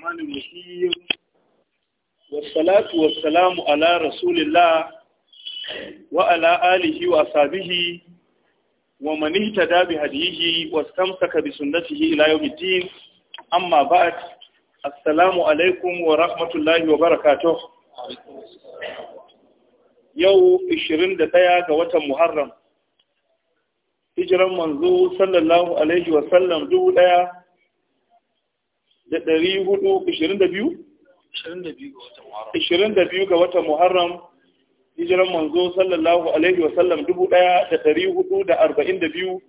الرحمن الرحيم والصلاة والسلام على رسول الله وعلى آله وأصحابه ومن اهتدى بهديه واستمسك بسنته إلى يوم الدين أما بعد السلام عليكم ورحمة الله وبركاته يو 21 ga watan Muharram hijiran manzo sallallahu alaihi wasallam dubu daya da ɗari hudu ishirin da biyu? ishirin da biyu ga watan muharram hijiran manzo sallallahu alaihi wasallam dubu ɗaya da ɗari hudu da arba'in da biyu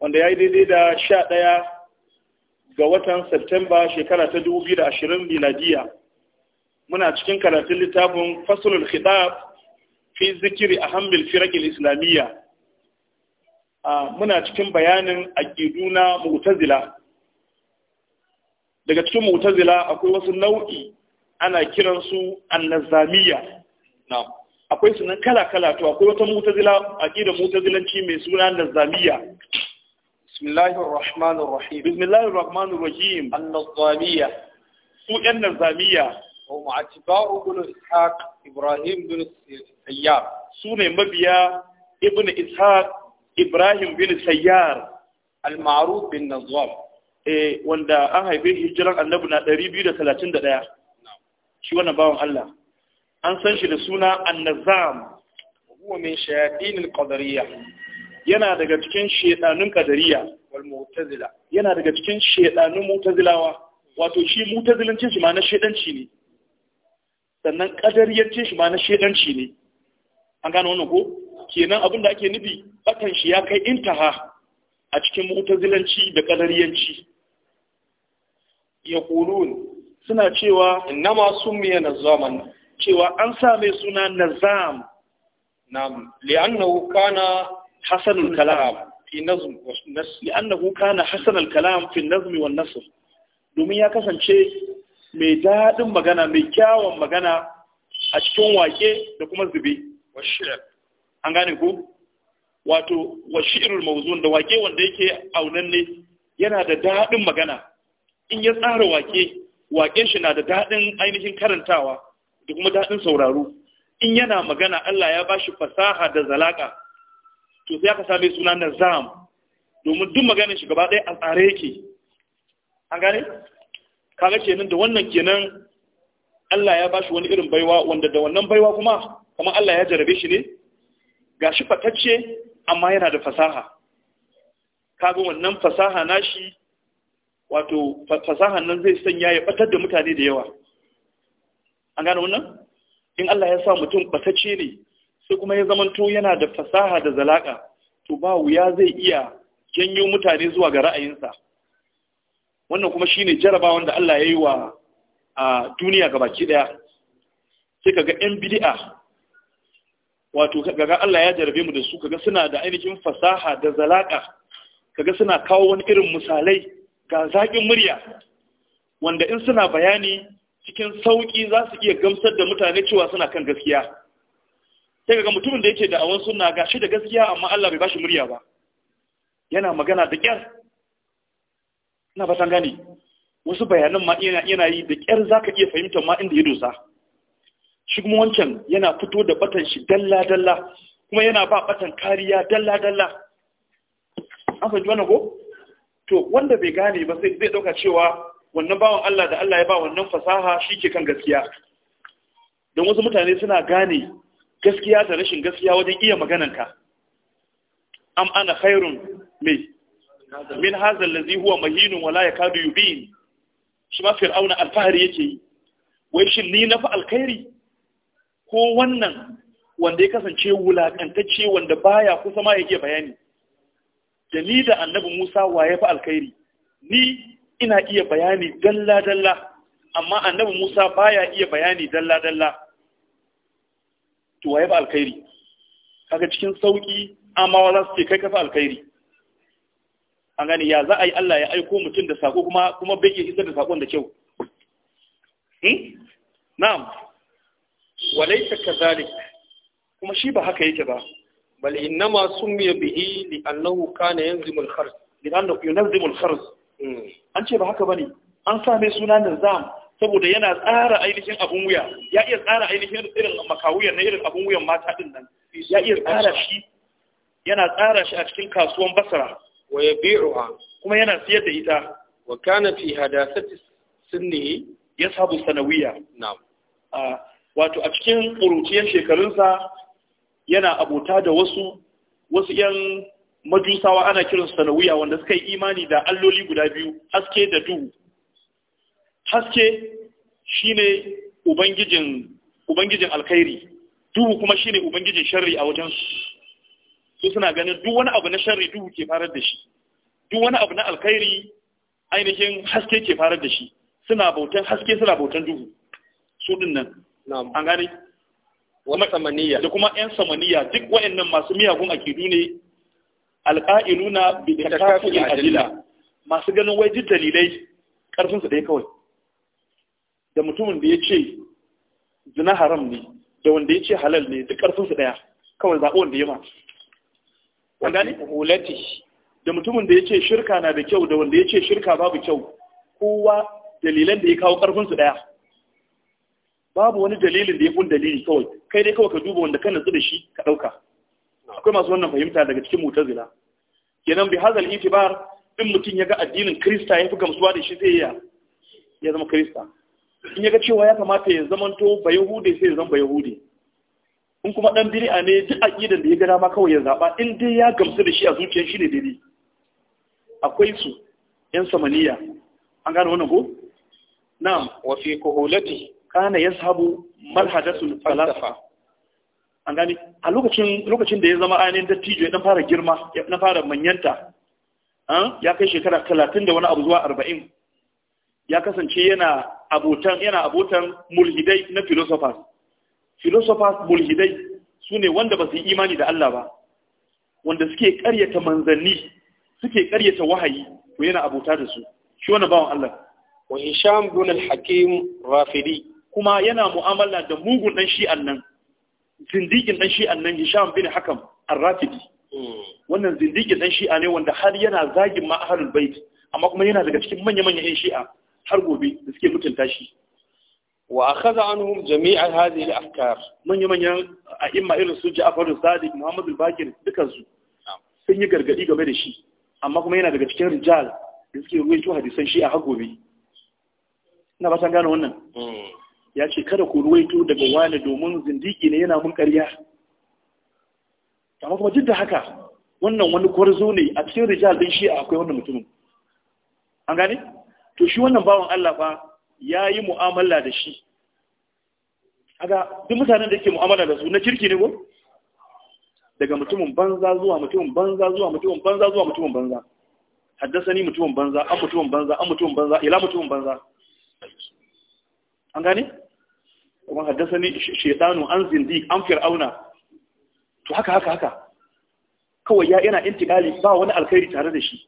wanda ya yi daidai da sha ɗaya ga watan Septemba shekara ta dubu biyu da ashirin miladiya muna cikin karatun littafin fasulul khidab fi zikiri a hamil firakin islamiyya muna cikin bayanin aƙidu na mutazila daga cikin mu'tazila akwai wasu nau'i ana kiransu annazamiya na'am akwai sunan kala-kala to akwai wata mu'tazila aqida mu'tazilanci mai suna nazamiya bismillahir rahmanir rahim bismillahir rahmanir rahim annazamiya su yan nazamiya wa mu'attibaru bin ishaq ibrahim bin sayyar su ne mabiya ibn ishaq ibrahim bin sayyar al-ma'ruf bin nazam E, wanda an haife hijiran annabi na 231 shi wannan bawan Allah an san shi da suna annazam huwa min shayatin alqadariyya yana daga cikin shedanun qadariyya wal mu'tazila yana daga cikin shedanun mu'tazilawa wato shi mu'tazilancin shi ma na shedanci ne sannan qadariyyancin shi ma na shedanci ne an gano wannan ko kenan abinda ake nufi batan shi ya kai intaha a cikin mu'tazilanci da qadariyanci yaqulun suna cewa innama summiya nazaman cewa an sa mai suna nazam nam li'annahu kana hasanul kalam fi nazm li'annahu kana hasanul kalam fi nazm wa nasr domin ya kasance mai dadin magana mai kyawun magana a cikin wake da kuma zube wa an gane ku wato wa shi'rul mawzun da wake wanda yake ne yana da dadin magana in ya tsara wake waken shi na da daɗin ainihin karantawa da kuma daɗin sauraro in yana magana Allah ya bashi fasaha da zalaka to sai aka same suna na nazam domin duk maganin shi gaba ɗaya a tsare yake an gane kaga kenan da wannan kenan Allah ya bashi wani irin baiwa wanda da wannan baiwa kuma kamar Allah ya jarabe shi ne gashi fatacce amma yana da fasaha kaga wannan fasaha nashi wato fasahan nan zai sanya ya batar da mutane da yawa an gane wannan in Allah ya sa mutum batacce ne sai kuma ya zamanto yana da fasaha da zalaka to ba wuya zai iya janyo mutane zuwa ga ra'ayinsa wannan kuma shine jarabawan da Allah ya yi wa a duniya gabaki daya sai kaga yan bid'a wato kaga Allah ya jarabe mu da su kaga suna da ainihin fasaha da zalaka kaga suna kawo wani irin misalai ga zaƙin murya wanda in suna bayani cikin sauƙi za su iya gamsar da mutane cewa suna kan gaskiya sai ga mutumin da yake da awon suna ga shi da gaskiya amma Allah bai bashi murya ba yana magana da ƙyar ina ba gane wasu bayanan ma yana yi da ƙyar za ka iya fahimtar ma inda ya dosa shi kuma wancan yana fito da batan shi dalla-dalla kuma yana ba batan kariya dalla-dalla an fahimci wannan ko to wanda bai gane ba sai zai dauka cewa wannan bawan Allah da Allah ya ba wannan fasaha shi ke kan gaskiya don wasu mutane suna gane gaskiya da rashin gaskiya wajen iya magananka am ana khairun mai min hazal lazi huwa mahinun wala yakadu yubin shi ma fir'auna alfahari yake yi wai shin ni na fa alkhairi ko wannan wanda ya kasance wulakantacce wanda baya kusa ma ya iya bayani da ni da annabi Musa waye fa alkhairi ni ina iya bayani dalla dalla amma annabi Musa baya iya bayani dalla dalla to waye fa alkhairi kaga cikin sauki amma wala su ce kai ka fa alkhairi an gani ya za a yi Allah ya aiko mutum da sako kuma kuma bai iya isar da sakon da kyau hmm? na'am walaysa kadhalik kuma shi ba haka yake ba bal innama sumiya bihi li annahu kana yanzimul kharz liannahu yunzimul kharz an ce ba haka bane an sa mai suna saboda yana tsara ainihin abun wuya ya iya tsara ainihin irin makawuyar na irin abun wuyan mata din nan ya iya tsara shi yana tsara shi a cikin kasuwan basara. wa ya yabi'uha kuma yana siyar da ita wa kana fi hadasati sunni yasabu sanawiya na'am wato a cikin ƙuruciyar shekarunsa yana abota da wasu wasu yan majusawa ana kiransu sanawiya wanda suka yi imani da alloli guda biyu haske da duhu haske shine ubangijin ubangijin alkhairi duhu kuma shine ubangijin sharri a wajen su suna ganin duk wani abu na sharri duhu ke farar da shi duk wani abu na alkhairi ainihin haske ke farar da shi suna bautan haske suna bautan duhu su din nan an gane wa samaniya da kuma yan samaniya duk wayannan masu miyagun akidu ne alqa'iluna bi takafi adila masu ganin wai duk dalilai karfin su dai kawai da mutumin da yace zina haram ne da wanda yace halal ne duk karfin su daya kawai zabo wanda yema wanda ne hulati da mutumin da yace shirka na da kyau da wanda yace shirka babu kyau kowa dalilan da ya kawo karfin su daya babu wani dalilin da ya kun dalili kawai kai dai kawai ka duba wanda kan nazu da shi ka ɗauka akwai masu wannan fahimta daga cikin mutazila kenan bi hazal itibar in mutum ya ga addinin krista ya fi gamsuwa da shi zai ya ya zama krista in ya ga cewa ya kamata ya zamanto ba yahude sai ya zama ba yahude in kuma dan biri'a ne duk aqidan da ya ga dama kawai ya zaba in dai ya gamsu da shi a zuciyar shi ne daidai akwai su yan samaniya an gane wannan ko na'am wa fi kuhulati kana Sabu malhajatul falasafa an gani a lokacin da ya zama ainihin dattijo ya dan fara girma ya dan fara manyanta ya kai shekara 30 da wani abu zuwa 40 ya kasance yana abotan yana abotan mulhidai na philosophers philosophers mulhidai sune wanda ba su yi imani da Allah ba wanda suke karyata manzanni suke karyata wahayi ko yana abota da su shi wannan bawan Allah wa hisham bin al-hakim rafidi kuma yana mu'amala da mugun dan shi'an nan zindikin dan shi'an nan Hisham bin Hakam Ar-Rafidi mm. wannan zindikin dan shi'a ne wanda har yana zagin ma ahlul bait amma kuma yana daga cikin manya-manyan yan shi'a har gobe da suke mutunta shi wa akhadha anhum jami'a hadhihi al-afkar manya manya a'imma irin su Ja'far Sadiq Muhammad al-Bakir dukan su sun yi gargadi game da shi amma kuma yana daga cikin rijal da suke ruwaito hadisan shi'a har gobe ina ba san gane wannan mm. ya ce kada ku ruwaito daga wani domin zindiki ne yana mun ƙarya amma kuma duk da haka wannan wani kwarzo ne a cikin rijal din shi akwai wannan mutumin an gane to shi wannan bawan Allah fa ya yi mu'amala da shi aga duk mutanen da yake mu'amala da su na kirki ne ko daga mutumin banza zuwa mutumin banza zuwa mutumin banza zuwa mutumin banza haddasa ni mutumin banza an mutumin banza an mutumin banza ila mutumin banza an gane kuma ne shaitanu an zindi an fir'auna to haka haka haka kawai ya yana intikali ba wani alkhairi tare da shi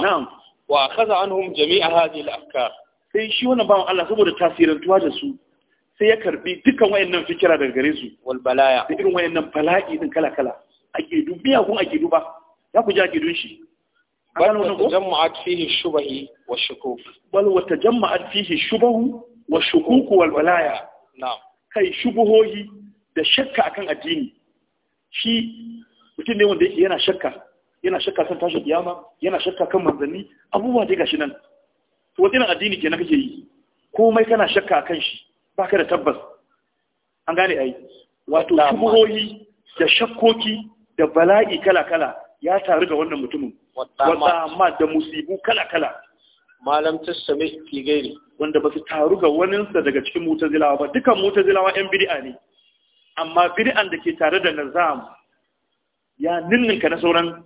na'am wa an anhum jami'a hadhihi al-afkar sai shi wannan bawan Allah saboda tasirin tuwa da su sai ya karbi dukkan wayannan fikira daga gare su wal balaya da irin wayannan bala'i din kala kala ake dubiya kun ake duba za ku ji ake dun shi bal wa tajamma'at fihi shubahi wa shukuk bal fihi shubahu wa shukuku wal walaya na'am kai shubuhohi da shakka akan addini shi mutum ne wanda yana shakka yana shakka kan tashi kiyama yana shakka kan manzanni abubuwa dai gashi nan to wani addini kenan kake yi komai kana shakka akan shi baka da tabbas an gane ai wato shubuhohi da shakkoki da bala'i kala-kala ya taru da wannan mutumin wata da musibu kala-kala malam tasami fi gairi wanda ba su taru ga waninsa daga cikin zilawa ba dukan zilawa yan bid'a ne amma bid'an da ke tare da nazam ya ninninka na sauran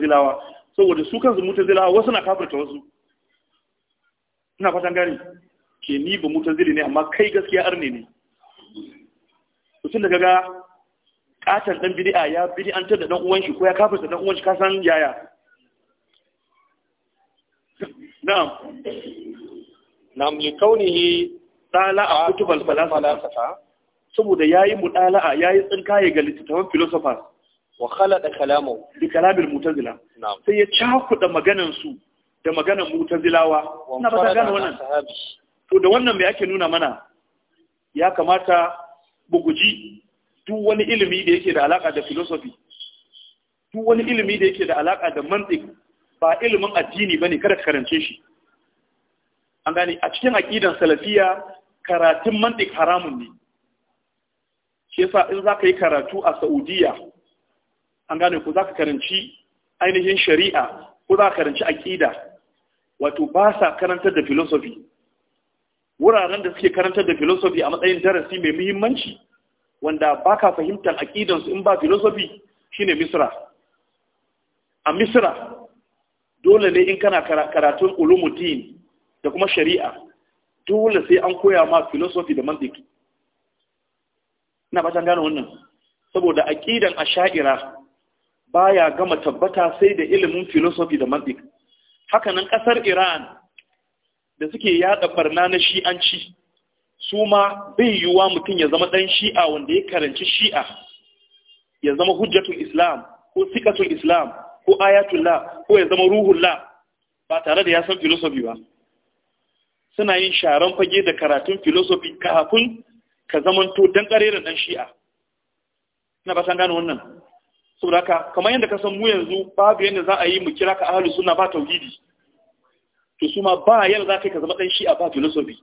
zilawa saboda su kansu zilawa wasu na kafirta wasu ina fatan gari ke ni ba zili ne amma kai gaskiya arne ne mutum da kaga katan dan bid'a ya bid'antar da dan uwan shi ko ya kafirta dan uwan shi ka san yaya na'am na'am li kaunihi tala a kutubal falasafa saboda yayi mudala'a yayi tsinkaye ga littattafan philosophers wa khalada kalamu bi kalamil mutazila sai ya cakuda maganan su da maganan mutazilawa na ba ta gane wannan to da wannan me ake nuna mana ya kamata buguji duk wani ilimi da yake da alaka da philosophy duk wani ilimi da yake da alaka da mantiq ba ilimin addini bane kada ka karance shi an gane a cikin aqidan salafiya karatun mantiq haramun ne shi yasa in zaka yi karatu a Saudiya an gane ko zaka karanci ainihin shari'a ko zaka karanci aqida wato ba sa karantar da philosophy wuraren da suke karantar da filosofi a matsayin darasi mai muhimmanci wanda baka fahimtar su in ba philosophy shine misra a misra dole ne in kana karatun ulumuddin da kuma shari'a dole sai an koya ma philosophy da mantiki ina ba gano wannan saboda aqidan asha'ira baya gama tabbata sai da ilimin philosophy da Haka hakanan kasar Iran da suke yada barna na shi'anci su ma bai yiwuwa mutum ya zama ɗan shi'a wanda ya karanci shi'a ya zama hujjatul islam ko sikatul islam ko ayatullah ko ya zama ruhullah ba tare da ya san filosofi ba suna yin sharan fage da karatun filosofi kafin ka zamanto dan ƙarerin ɗan shi'a Suna ba san gane wannan saboda haka kamar yadda ka san mu yanzu babu yadda za a yi mu kira ka ahalu suna ba tauhidi to su ma ba yadda za ka zama ɗan shi'a ba filosofi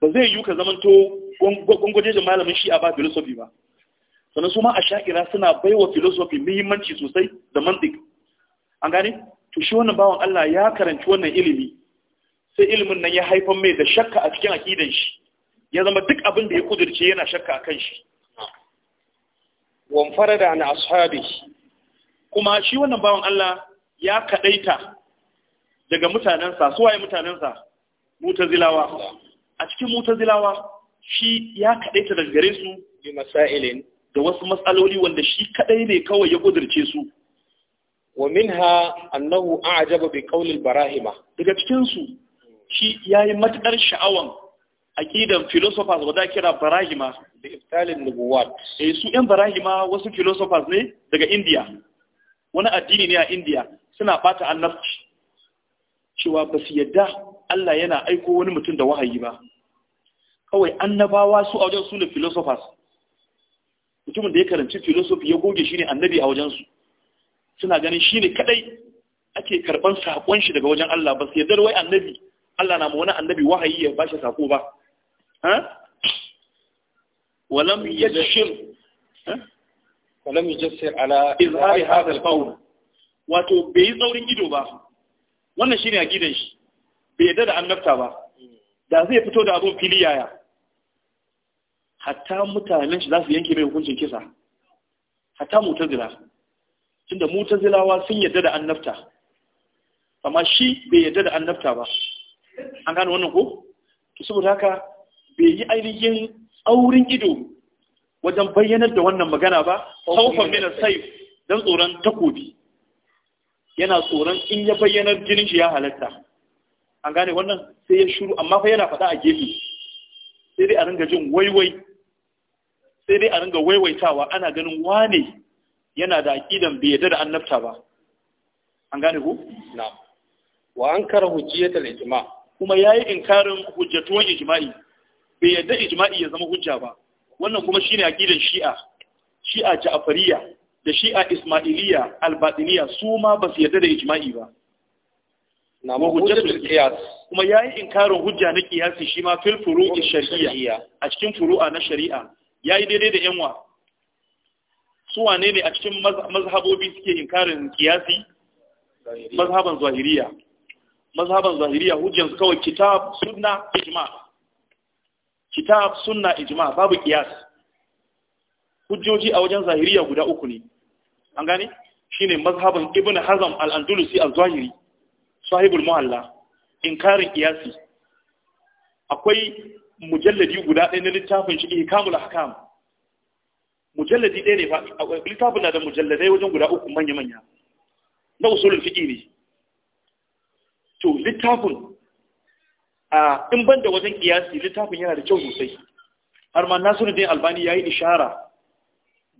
ba zai yi ka zamanto gwangwaje da malamin shi'a ba filosofi ba sannan su ma a sha'ira suna bai wa filosofi muhimmanci sosai da mantik an gane to shi wannan bawan Allah ya karanci wannan ilimi sai ilimin nan ya haifar mai da shakka a cikin aqidan shi ya zama duk abin da ya kudurce yana shakka a kan shi wan farada na ashabi kuma shi wannan bawan Allah ya kadaita daga mutanensa suwaye mutanensa mutazilawa a cikin mutazilawa shi ya kaɗaita daga gare su bi masailin da wasu matsaloli wanda shi kaɗai ne kawai ya ƙudurce su wa minha annahu a'jaba bi qawli barahima daga cikin su shi yayi matakar sha'awan aqidan philosophers wanda kira barahima da iftalin nubuwat eh su yan barahima wasu philosophers ne daga India wani addini ne a Indiya suna bata annabci cewa ba su yadda Allah yana aiko wani mutum da wahayi ba kawai annabawa su a wajen su ne philosophers mutumin da ya karanci philosophy ya goge shi ne annabi a wajensu suna ganin shi ne kadai ake karban sakon shi daga wajen Allah ba sai wai annabi Allah na wani annabi wahayi ya bashi sako ba ha walam yajshir walam yajshir ala izhar hadha alqawl qawl wato bai yi tsaurin ido ba wannan shine akidan shi bai yadda da annabta ba hmm. da zai fito da abun fili yaya hatta mutanen shi za su yanke mai hukuncin kisa hatta mutazila tunda mutazilawa sun yadda da annabta amma shi bai yadda da annabta ba an gane wannan ko to saboda haka bai yi ainihin aurin ido wajen bayyanar da wannan magana ba haufan na saif don tsoron takobi yana tsoron in ya bayyanar jinin shi ya halatta an gane wannan sai ya shuru amma fa yana faɗa a gefe sai dai a ringa jin waiwai sai dai a ringa waiwaitawa ana ganin wane yana da aqidan bai yadda da annabta ba an gane ku na'am wa ankara hujjatul ijma kuma yayi inkarin hujjatuwan ijma'i bai yadda ijma'i ya zama hujja ba wannan kuma shine aqidan shi'a shi'a ja'fariya da shi'a ismailiya albatiniya su ma ba su yadda da ijma'i ba na ma hujjatul qiyas kuma yayi inkarin hujja na qiyasi shi ma fil furu'i shar'iyya a cikin furu'a na shari'a ya yi daidai da yanwa su wane ne a cikin mazhabobi suke inkarin kiyasi mazhaban zahiriya mazhaban zahiriya hujjansu kawai kitab sunna ijma kitab sunna ijma babu kiyas hujjoji a wajen zahiriya guda uku ne an gane shine mazhaban ibn hazm al-andalusi al-zahiri sahibul muhalla inkarin kiyasi akwai mujalladi guda ɗaya na littafin shi kamula hakam mujalladi ɗaya ne fa littafin na da mujalladai wajen guda uku manya manya na usulul fiqh ne to littafin a in ban da wajen kiyasi littafin yana da kyau sosai har ma Nasiruddin Albani yayi ishara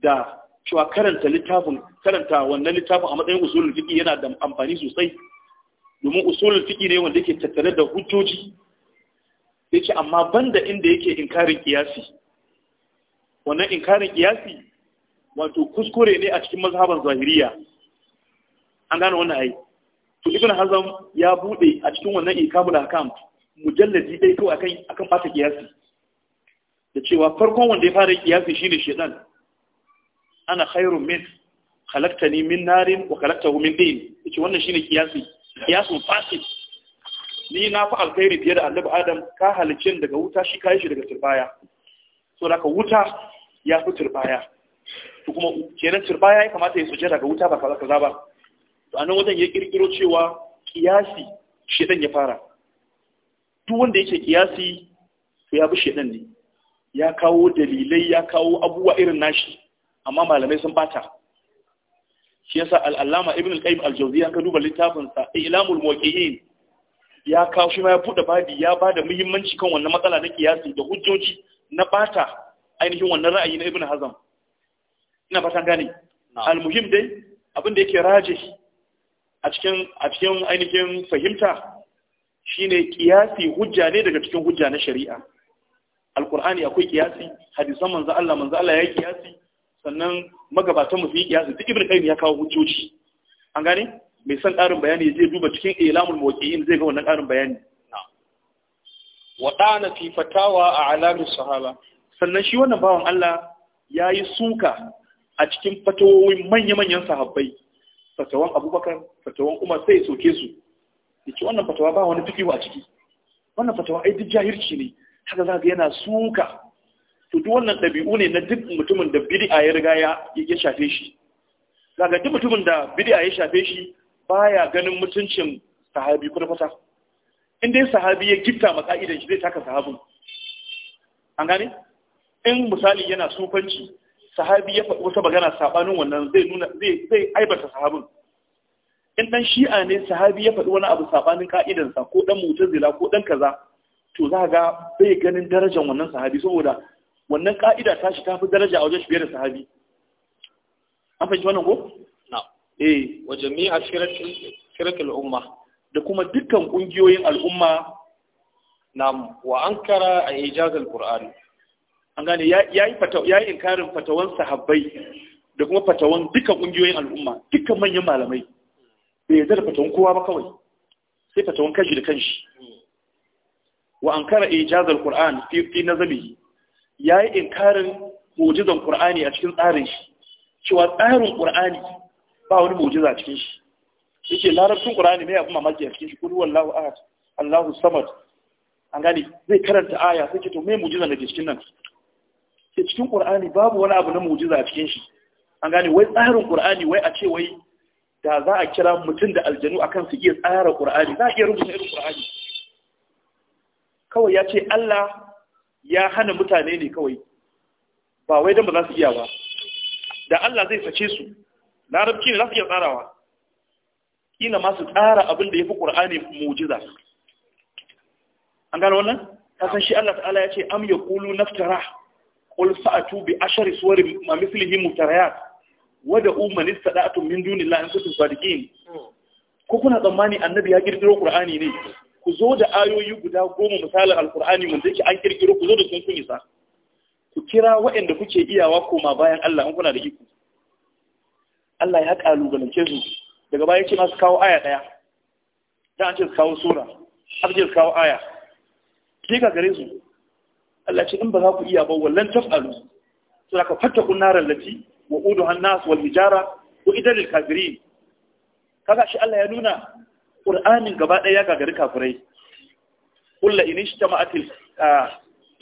da cewa karanta littafin karanta wannan littafin a matsayin usulul fiqh yana da amfani sosai domin usulul fiqh ne wanda yake tattare da hujjoji yake amma banda inda yake inkarin kiyasi wannan inkarin kiyasi wato kuskure ne a cikin mazhaban zahiriya an gane wannan ai to ibn hazm ya bude a cikin wannan ikamul hakam mujalladi dai ko akan akan fata kiyasi da cewa farkon wanda ya fara kiyasi shine shedan ana khairun min khalaqtani min narin wa khalaqtahu min din yace wannan shine kiyasi kiyasun fasid ni na fi alkhairi fiye da annabi adam ka halicin daga wuta shi kayi shi daga turbaya so da wuta ya fi turbaya to kuma kenan turbaya ya kamata ya suje daga wuta ba kaza kaza ba to anan wajen ya kirkiro cewa kiyasi shedan ya fara duk wanda yake kiyasi to ya bi shedan ne ya kawo dalilai ya kawo abubuwa irin nashi amma malamai sun bata shi yasa al-allama ibn al-qayyim al-jawziyya ka duba littafin sa ilamul muwaqqi'in ya kawo shi ma ya buɗe babi ya ba da muhimmanci kan wannan matsala na kiyasi da hujjoji na bata ainihin wannan ra'ayi na ibn hazam ina fatan gane almuhim dai abin da yake raje a cikin a cikin ainihin fahimta shine kiyasi hujja ne daga cikin hujja na shari'a alqur'ani akwai kiyasi hadisan manzo Allah manzo Allah ya kiyasi sannan magabatan mu su kiyasi duk ibn kayyim ya kawo hujjoji an gane mai son ƙarin bayani zai duba cikin ilamul muwaqqi'in zai ga wannan ƙarin bayani waɗana fi fatawa a alamun sahaba sannan shi wannan bawan Allah ya yi suka a cikin fatawowin manya-manyan sahabbai fatawan abubakar fatawan umar sai ya soke su da ke wannan fatawa ba wani fikiwa a ciki wannan fatawa ai duk jahirci ne haka za yana suka to duk wannan ɗabi'u ne na duk mutumin da bidi'a ya riga ya shafe shi ga duk mutumin da bidi'a ya shafe shi baya ganin mutuncin sahabi kuma fata in dai sahabi ya gifta ma ka'idan shi zai taka sahabin an gane in misali yana sufanci sahabi ya faɗi wata magana sabanin wannan zai nuna zai zai aibata sahabin in dan shi'a ne sahabi ya faɗi wani abu sabanin ka'idansa ko dan mutazila ko dan kaza to za ga bai ganin darajar wannan sahabi saboda wannan ka'ida ta shi ta fi daraja a wajen shi biyar da sahabi an fahimci wannan ko eh wa jami'a shirkul umma da kuma dukkan kungiyoyin al'umma na wa ankara a ijazal qur'ani an gane yayi fatawa yayi inkarin fatawan sahabbai da kuma fatawan dukkan kungiyoyin al'umma dukkan manyan malamai bai yarda da fatawan kowa ba kawai sai fatawan kanshi da kanshi wa ankara ijazal qur'an fi fi nazami yayi inkarin mu'jizan qur'ani a cikin tsarin shi cewa tsarin qur'ani ba wani mu'jiza cikin shi yake larabcin qur'ani mai abin mamaki a cikin shi kullu wallahu ahad allahu samad an gani zai karanta aya sai ce to me mu'jiza da cikin nan sai cikin qur'ani babu wani abu na mu'jiza a cikin shi an gani wai tsarin qur'ani wai a ce wai da za a kira mutum da aljanu akan su iya tsara qur'ani za a iya rubuta irin qur'ani kawai ya ce Allah ya hana mutane ne kawai ba wai don ba za su iya ba da Allah zai sace su larabci ne za su iya tsarawa kila ma su tsara abin da ya fi ƙur'ani mujiza an gano wannan kasan shi Allah ta'ala ya ce am ya kulu naftara qul fa'atu bi ashari suwari ma mithlihi mutarayat wa da'u man min dunillahi in kuntum sadiqin ko kuna tsammani annabi ya kirkiro qur'ani ne ku zo da ayoyi guda goma misalin alƙurani mun dake an kirkiro ku zo da sun kunisa ku kira waɗanda kuke iyawa koma bayan Allah an kuna da iko Allah ya kalubalance su daga baya ce masu kawo aya daya dan an ce su kawo sura an ce su kawo aya sai ka gare su Allah ce in ba za ku iya ba wallan taf'alu to ka fatta kunnaran lati wa uduha an-nas wal hijara wa idan lil kafirin kaga shi Allah ya nuna Qur'anin gaba daya ya gagari kafirai kullu in ishtama'atil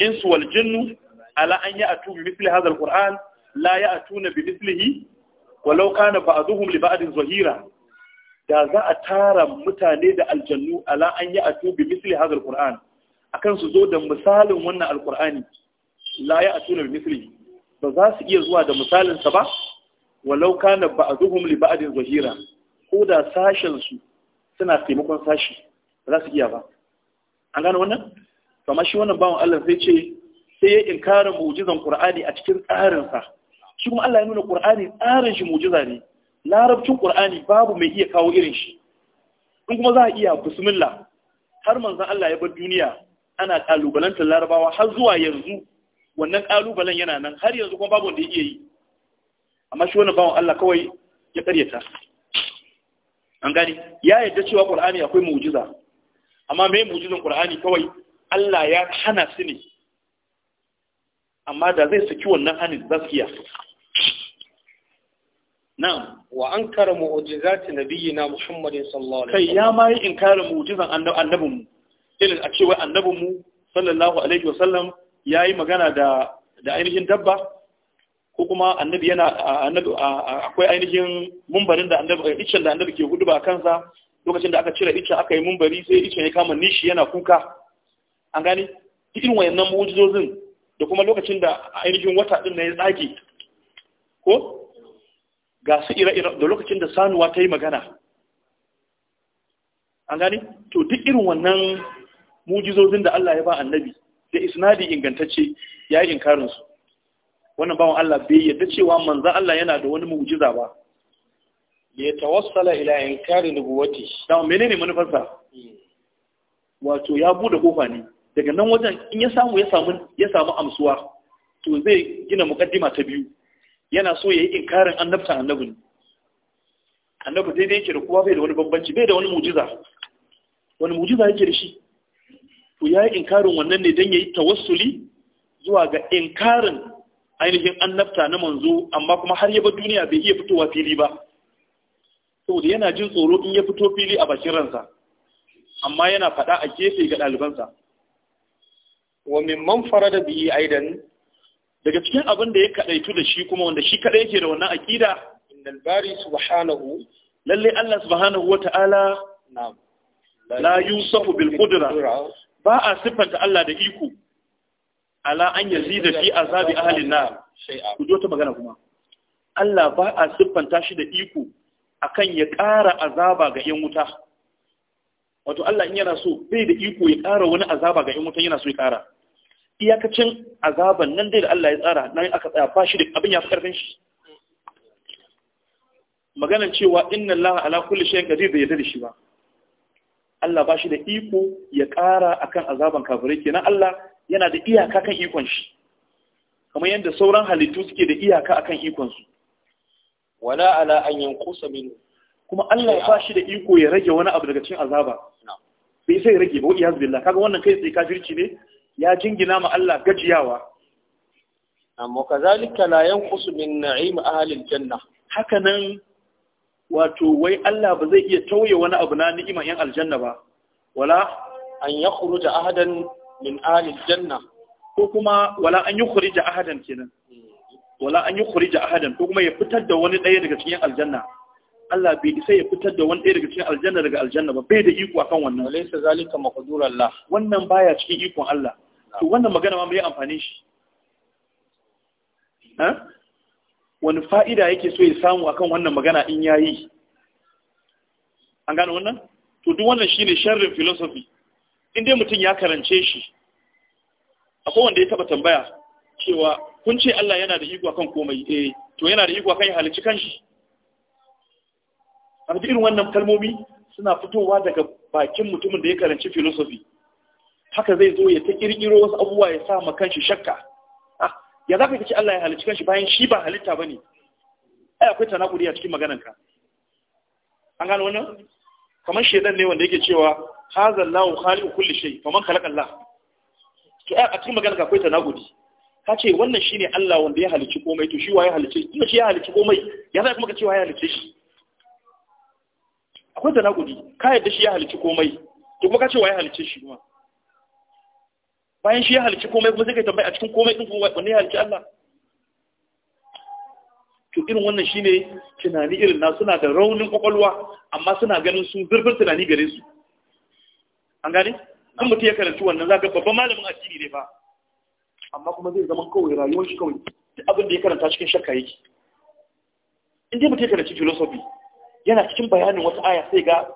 insu wal jinnu ala an ya'tu bi mithli hadha al-Qur'an la ya'tuna bi mithlihi walau kana ba'dhum li ba'din zahira da za a tara mutane da aljannu ala an yi atu bi misli hadha alquran akan su zo da misalin wannan alqurani la ya atu bi misli ba za su iya zuwa da misalin sa ba walau kana ba'dhum li ba'din zahira ko da sashen su suna taimakon sashi ba za su iya ba an gane wannan kamar shi wannan bawon Allah sai ce sai ya inkara mu'jizan qur'ani a cikin tsarin sa shi kuma Allah ya nuna Qur'ani tsarin shi mu'jiza ne larabcin Qur'ani babu mai iya kawo irin shi in kuma za a iya bismillah har manzon Allah ya bar duniya ana ta larabawa har zuwa yanzu wannan ƙalubalen yana nan har yanzu kuma babu wanda ya yi amma shi wannan bawan Allah kawai ya karyata an gani ya yadda cewa Qur'ani akwai mu'jiza amma mai mu'jizan Qur'ani kawai Allah ya hana su ne amma da zai saki wannan hanin zaskiya na'am wa ankara mu'jizati nabiyina muhammadin sallallahu alaihi wasallam kai ya ma yi inkarin mu'jizan annabin mu irin a cewa annabin mu sallallahu alaihi wasallam yi magana da ainihin dabba ko kuma annabi yana akwai ainihin mumbarin da annabi iccen da annabi ke gudu ba kansa lokacin da aka cire iccen aka yi mumbari sai iccen ya kama nishi yana kuka an gani irin wayannan mu'jizozin da kuma lokacin da ainihin wata ɗin na ya tsage ko ga su ire ira da lokacin da sanuwa ta yi magana an gani to duk irin wannan mujizozin da Allah ya ba annabi da isnadi ingantacce ya yi su. wannan bawan Allah bai yadda cewa manzan Allah yana da wani mujiza ba ya tawassala ila inkari nubuwati dan menene manufarsa wato ya bude kofa ne daga nan wajen in ya samu ya samu amsuwa to zai gina mukaddima ta biyu yana so ya yi inkarin annabta annabi ne annabi daidai yake da kowa bai da wani bambanci bai da wani mujiza wani mujiza yake da shi to ya yi inkarin wannan ne don ya yi tawassuli zuwa ga inkarin ainihin annabta na manzo amma kuma har yaba duniya bai iya fitowa fili ba saboda yana jin tsoro in ya fito fili a bakin ransa amma yana faɗa a gefe ga ɗalibansa wa mimman da biyi aidan daga cikin abin da ya kadaitu da shi kuma wanda shi kadai yake da wannan aƙida. innal bari subhanahu lalle Allah subhanahu wata'ala na'am la yusafu bil qudra ba a sifanta Allah da iko ala an yazida fi azabi ahli nar ku ji wata magana kuma Allah ba a siffanta shi da iko akan ya ƙara azaba ga yan wuta wato Allah in yana so bai da iko ya ƙara wani azaba ga yan wuta yana so ya ƙara iyakacin azaban nan dai da Allah ya tsara nan aka tsaya fashi da abin ya fi karfin shi Maganar cewa inna Allah ala kulli shay'in qadir da yadda da shi ba Allah ba shi da iko ya ƙara akan azaban kafirai kenan Allah yana da iyaka kan ikon shi kamar yadda sauran halittu suke da iyaka akan ikon su wala ala an yanqusa min kuma Allah ya ba shi da iko ya rage wani abu daga cikin azaba bai sai rage ba wa iyaz billah kaga wannan kai sai kafirci ne ya jingina ma Allah gajiyawa amma kazalika la yanqusu min na'im ahli aljanna hakanan wato wai Allah ba zai iya tauye wani abu na ni'imar yan aljanna ba wala an yakhruja ahadan min ahli aljanna ko kuma wala an yukhrija ahadan kenan wala an yukhrija ahadan ko kuma ya fitar da wani ɗaya daga cikin aljanna Allah bai isa ya fitar da wani ɗaya daga cikin aljanna daga aljanna ba bai da iko akan wannan laysa zalika maqdur Allah wannan baya cikin ikon Allah to wannan magana ma mai amfani shi wani fa'ida yake so ya samu akan wannan magana in yayi an gane wannan to duk wannan shine sharrin philosophy in dai mutum ya karance shi akwai wanda ya taba tambaya cewa kun ce Allah yana da iko akan komai eh to yana da iko akan ya halicci kanshi amma irin wannan kalmomi suna fitowa daga bakin mutumin da ya karanci philosophy haka zai zo ya ta kirkiro wasu abubuwa ya sa ma kanshi shakka ah, ya za ka ce Allah ya halicci kanshi bayan shi ba halitta ba ne ai akwai tanakuri a cikin magananka. an gano wannan kamar shedan ne wanda yake cewa hazal lahu khaliqu kulli shay faman khalaqa Allah to a cikin magananka akwai tanakuri ka ce wannan shine Allah wanda ya halicci komai to shi wa ya halicce shi shi ya halicci komai ya za kuma ka ce wa ya halicci shi akwai tanakuri ka yadda shi ya halicci komai to kuma ka ce wa ya shi kuma bayan shi ya halicci komai kuma sai kai tambaya a cikin komai din kuma wanne ya halicci Allah to irin wannan shine tunani irin na suna da raunin kwakwalwa amma suna ganin su zurfin tunani gare su an gane in mutum ya karanci wannan za babban malamin addini ne ba amma kuma zai zama kawai rayuwar shi kawai duk abin da ya karanta cikin shakka yake in dai mutum ya karanci philosophy yana cikin bayanin wata aya sai ga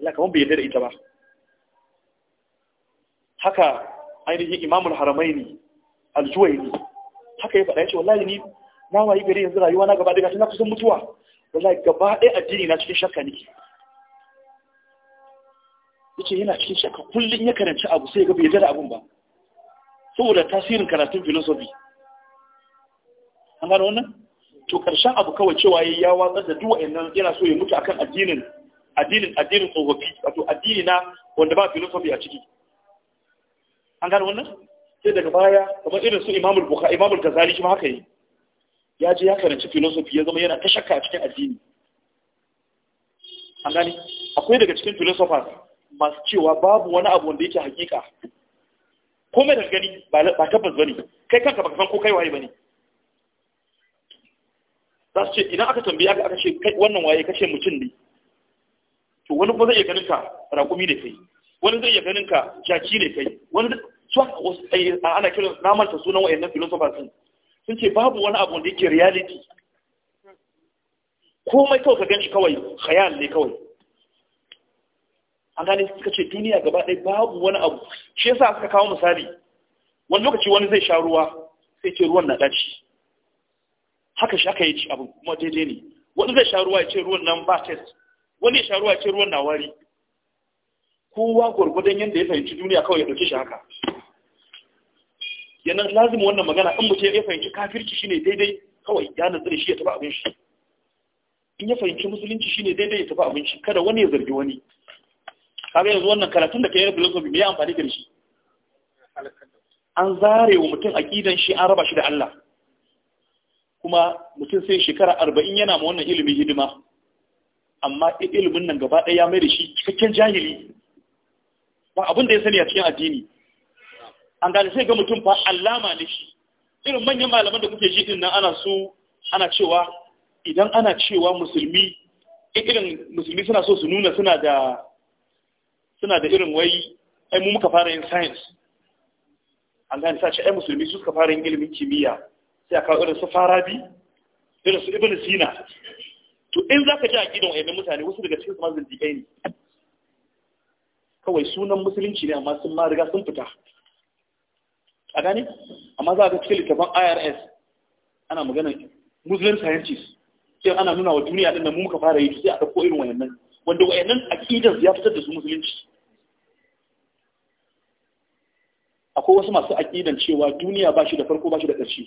Allah kamar bai yarda da ita ba haka ainihin imamul haramaini aljuwaini haka ya faɗa ya ce wallahi ni na wayi gari yanzu rayuwa na gaba ɗaya na kusan mutuwa wallahi gaba ɗaya addini na cikin shakka nake yace yana cikin shakka kullum ya karanci abu sai ga bai yarda da abun ba saboda tasirin karatun philosophy an gano wannan to karshen abu kawai cewa yayi ya watsar da duk wayannan yana so ya mutu akan addinin addinin addinin tsofaffi wato addini na wanda ba philosophy a ciki an gano wannan sai daga baya kamar irin su imamul buka imamul gazali shi ma haka yi ya je ya karanci filosofi ya zama yana ta shakka a cikin addini an gane akwai daga cikin philosophers masu cewa babu wani abu wanda yake hakika ko mai daga gani ba tabbas ba ne. kai kanka baka san ko kai waye ba ne. za su ce idan aka tambaye aka ce wannan waye kace mutum ne to wani kuma zai iya ganin ka raƙumi ne kai wani zai iya ganin ka jaki ne kai wani su ana kira namanta sunan wayannan philosophers sun sun ce babu wani abu da yake reality komai kawai ka gan kawai khayal ne kawai an gane suka ce duniya gaba ɗaya babu wani abu shi yasa suka kawo misali wani lokaci wani zai sha ruwa sai ce ruwan na ɗaci haka shi aka yi ci abu kuma daidai ne wani zai sha ruwa ya ce ruwan nan ba test wani ya sha ruwa ya ce ruwan na wari kowa gwargwadon yadda ya fahimci duniya kawai ya ɗauki shi haka yanar lazima wannan magana in mutum ya fahimci kafirci ne daidai kawai ya nazari shi ya tafi abin shi in ya fahimci musulunci shi ne daidai ya tafi abin shi kada wani ya zargi wani kaga yanzu wannan karatun da ka yi philosophy me amfani da shi an zare wa mutum aqidan shi an raba shi da Allah kuma mutum sai shekara arba'in yana ma wannan ilimin hidima amma ilimin nan gaba ɗaya ya mai da shi cikakken jahili ba abin da ya sani a cikin addini an gane sai ga mutum fa allama ne shi irin manyan malaman da kuke ji din nan ana so ana cewa idan ana cewa musulmi irin musulmi suna so su nuna suna da suna da irin wai ai mu muka fara yin science an gane ce ai musulmi su suka fara yin ilimin kimiyya sai aka irin su farabi irin su ibn sina to in zaka ji aqidan wayannan mutane wasu daga cikin su ma ne kawai sunan musulunci ne amma sun ma riga sun fita a gane amma za ga cikin littafin irs ana magana muslim scientists sai ana nuna wa duniya din nan mu muka fara yi sai a ɗauko irin wayannan wanda wayannan aƙidar ya fitar da su musulunci akwai wasu masu aƙidan cewa duniya ba shi da farko ba shi da ƙarshe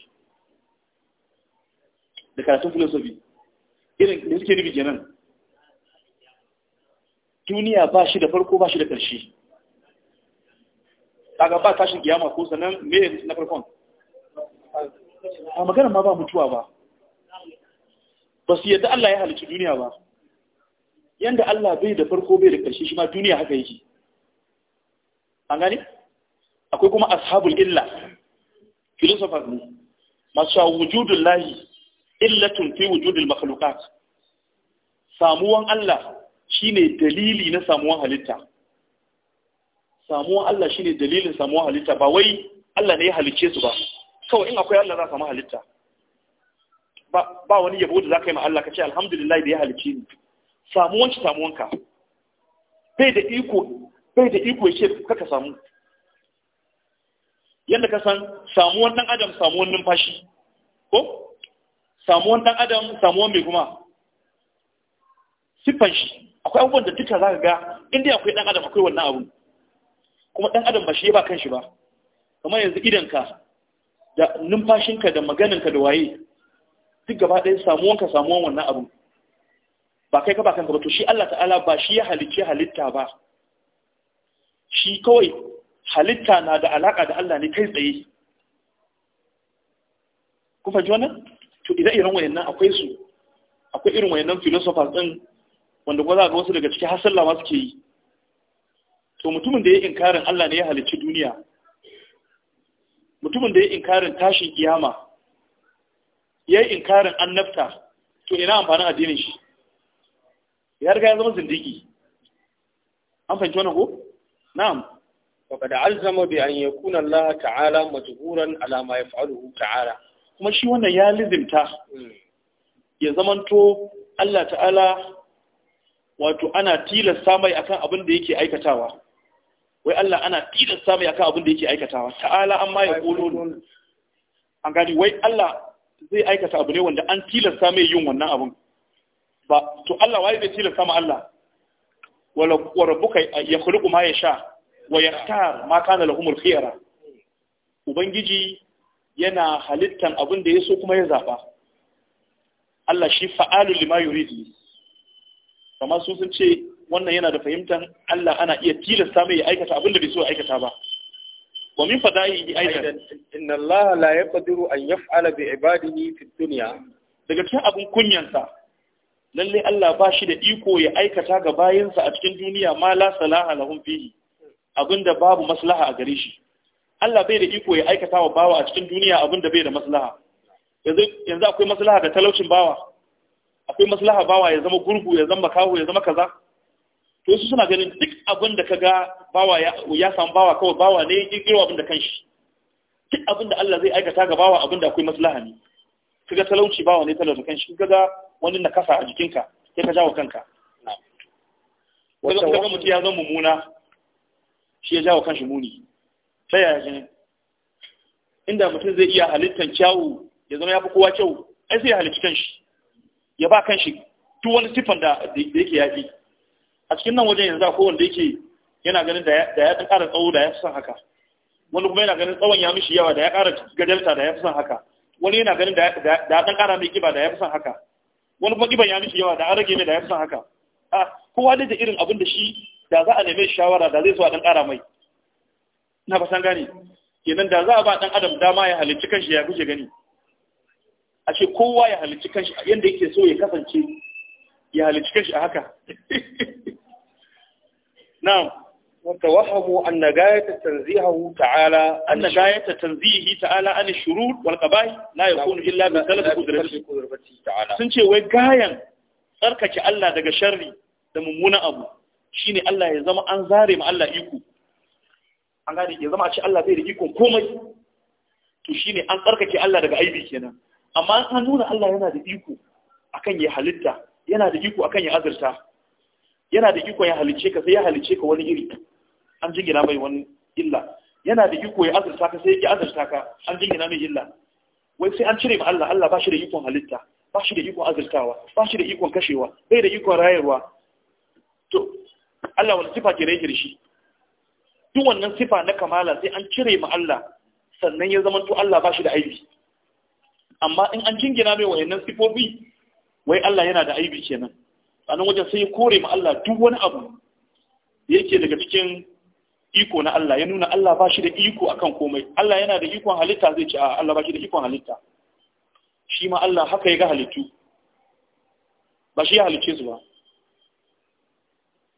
da karatun filosofi irin da suke nufi kenan duniya ba shi da farko ba shi da ƙarshe daga ba tashin kiyama ko sannan me na farkon a magana ma ba mutuwa ba ba su yadda Allah ya halicci duniya ba Yadda Allah bai da farko bai da ƙarshe shi ma duniya haka yake an gani, akwai kuma ashabul illa filosofar ne masu wujudun lahi illatun fi wujudun makhluqat samuwan Allah shine dalili na samuwan halitta samuwan Allah shine dalilin samuwan halitta ba wai Allah ne ya halice su ba kawai in akwai Allah za a samu halitta ba wani yabo da za ka yi ma Allah ka ce alhamdulillah da ya halice ni samuwan shi samuwanka bai da iko bai da iko ya ce kaka samu yadda ka san samuwan dan adam samuwan numfashi ko samuwan dan adam samuwan mai kuma siffanshi? shi akwai abubuwan da duka za ka ga inda akwai ɗan adam akwai wannan abu kuma ɗan adam ba shi ba kanshi ba kuma yanzu idanka da numfashinka da maganinka da waye duk gaba ɗaya samuwanka samuwan wannan abu ba kai ka ba kanka ba to shi Allah ta'ala ba shi ya halicce halitta ba shi kawai halitta na da alaka da Allah ne kai tsaye ku fahimci wannan to idan irin wayannan akwai su akwai irin wayannan philosophers din wanda kuma za ga wasu daga ciki har sallah ma suke yi to mutumin da ya inkarin Allah ne ya halicci duniya mutumin da ya inkarin tashin kiyama ya inkarin annabta to ina amfanin addinin shi ya riga ya zama zindigi an fahimci wannan ko na'am وقد عزم بأن يكون Allah Ta'ala مجبورا على ما يفعله ta'ala. kuma shi wannan ya lizimta hmm. ya zamanto Allah ta'ala wato ana tilasta mai akan abin da yake aikatawa wai Allah ana tilasta mai akan abin da yake aikatawa ta'ala amma ya kulu an gani wai Allah zai aikata abu ne wanda an tilasta mai yin wannan abin ba to Allah wai bai tilasta ma Allah wala wa rabbuka yakhluqu ma yasha wa yaktar ma kana lahumul khiyara ubangiji yana halittan abin da yaso kuma ya zaba Allah shi fa'alu lima yuridu amma su sun ce wannan yana da fahimtar Allah ana iya tilasta mai ya aikata abin da bai so ya aikata ba wa min fada'i aidan inna Allah la yaqdiru an yaf'ala bi ibadihi fi dunya daga cikin abin kunyansa lalle Allah ba shi da iko ya aikata ga bayinsa a cikin duniya ma la salaha lahum fihi abinda babu maslaha a gare shi Allah bai da iko ya aikata wa bawa a cikin duniya abinda bai da maslaha yanzu akwai maslaha da talaucin bawa akwai maslaha bawa ya zama gurgu ya zama kawo ya zama kaza to su suna ganin duk abin da kaga bawa ya samu bawa kawai bawa ne ya girwa abin da kanshi duk abin da Allah zai aikata ga bawa abin da akwai maslaha ne kaga talauci bawa ne talauci kanshi kaga wani nakasa a jikinka sai ka jawo kanka wanda kaga mutum ya zama mummuna shi ya jawo kanshi muni ta yaya jini inda mutum zai iya halittar kyawu ya zama ya fi kowa kyau ai sai ya halicci kanshi ya ba kan shi tu wani siffan da yake yaƙi a cikin nan wajen yanzu akwai wanda yake yana ganin da ya ɗan ƙara tsawo da ya fi son haka wani kuma yana ganin tsawon ya mishi yawa da ya ƙara gajarta da ya fi son haka wani yana ganin da ya ɗan ƙara mai ƙiba da ya fi son haka wani kuma ƙiban ya mishi yawa da an rage mai da ya fi son haka a ah, kowa dai da irin abin da shi da za a neme shawara da zai so a ɗan ƙara mai na fasan gane kenan da za a ba ɗan adam dama ya halicci kanshi ya kuke gani Ashe kowa ya halicci kanshi yadda yake so ya kasance ya halicci kanshi a haka na'am وتوهموا أن غاية تنزيهه تعالى أن غاية تنزيهه تعالى عن الشرور والقبائل لا يكون إلا ta'ala. Sun ce wai gayan tsarkake Allah daga sharri da mummunan abu shine Allah ya zama an zare ma Allah iko an gane ya zama a ce Allah bai da iko komai to shine an tsarkake Allah daga aibi kenan amma an nuna Allah yana da iko akan ya halitta yana da iko akan ya azurta yana da iko ya halice ka sai ya halice ka wani iri an jingina mai wani illa yana da iko ya azurta ka sai ya azurta ka an jingina mai illa wai sai an cire ma Allah Allah ba shi da ikon halitta ba shi da ikon azurtawa ba shi da ikon kashewa bai da ikon rayarwa to Allah wani sifa ke rage shi duk wannan sifa na kamala sai an cire ma Allah sannan ya zama to Allah ba shi da aibi amma in an jingina mai wayannan sifofi wai Allah yana da aibi kenan sanin wajen sai kore ma Allah duk wani abu yake daga cikin iko na Allah ya nuna Allah ba shi da iko akan komai Allah yana da ikon halitta zai ce a Allah ba shi da ikon halitta shi ma Allah haka ya ga halittu ba shi ya halicce su ba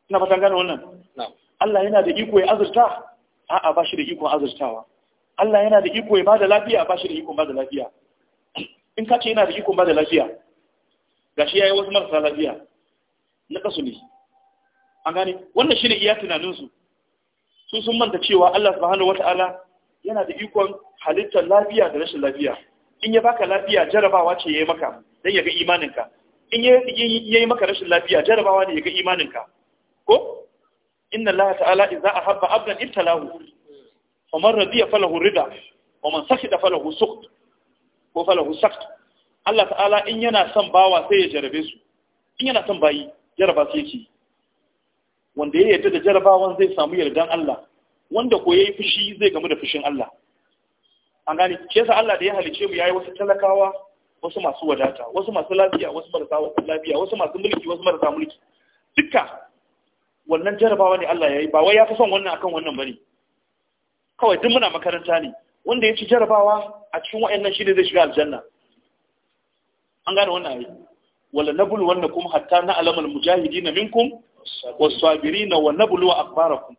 ina fatan gane wannan Allah yana da iko ya azurta a'a ba shi da ikon azurtawa Allah yana da iko ya bada lafiya ba shi da ikon bada lafiya in ka ce yana da ikon ba da lafiya ga shi ya yi wasu marasa lafiya na kasu ne an gane wannan shi ne iya tunaninsu su sun manta cewa Allah subhanahu wata'ala yana da ikon halittar lafiya da rashin lafiya in ya baka lafiya jarabawa ce ya yi maka don ya ga imaninka in ya yi maka rashin lafiya jarabawa ne ya ga imaninka ko inna Allah ta'ala idza ahabba abdan ibtalahu wa man radiya falahu rida wa man sakhida falahu sukhd ko falahu sakt Allah ta'ala in yana son bawa sai ya jarabe su in yana son bayi jaraba sai yake wanda ya yarda da jarabawan zai samu yardan Allah wanda ko yayi fushi zai gamu da fushin Allah an gane ke sa Allah da ya halice mu yayi wasu talakawa wasu masu wadata wasu masu lafiya wasu marasa lafiya wasu masu mulki wasu marasa mulki duka wannan jarabawa ne Allah yayi ba wai ya fi son wannan akan wannan bane kawai duk muna makaranta ne wanda ya ci jarabawa a cikin wa'annan shi ne zai shiga aljanna an gane wannan ayi wala nabulu wanda kuma hatta na alamal mujahidi na minkum wasabiri na wa nabulu wa akbarakum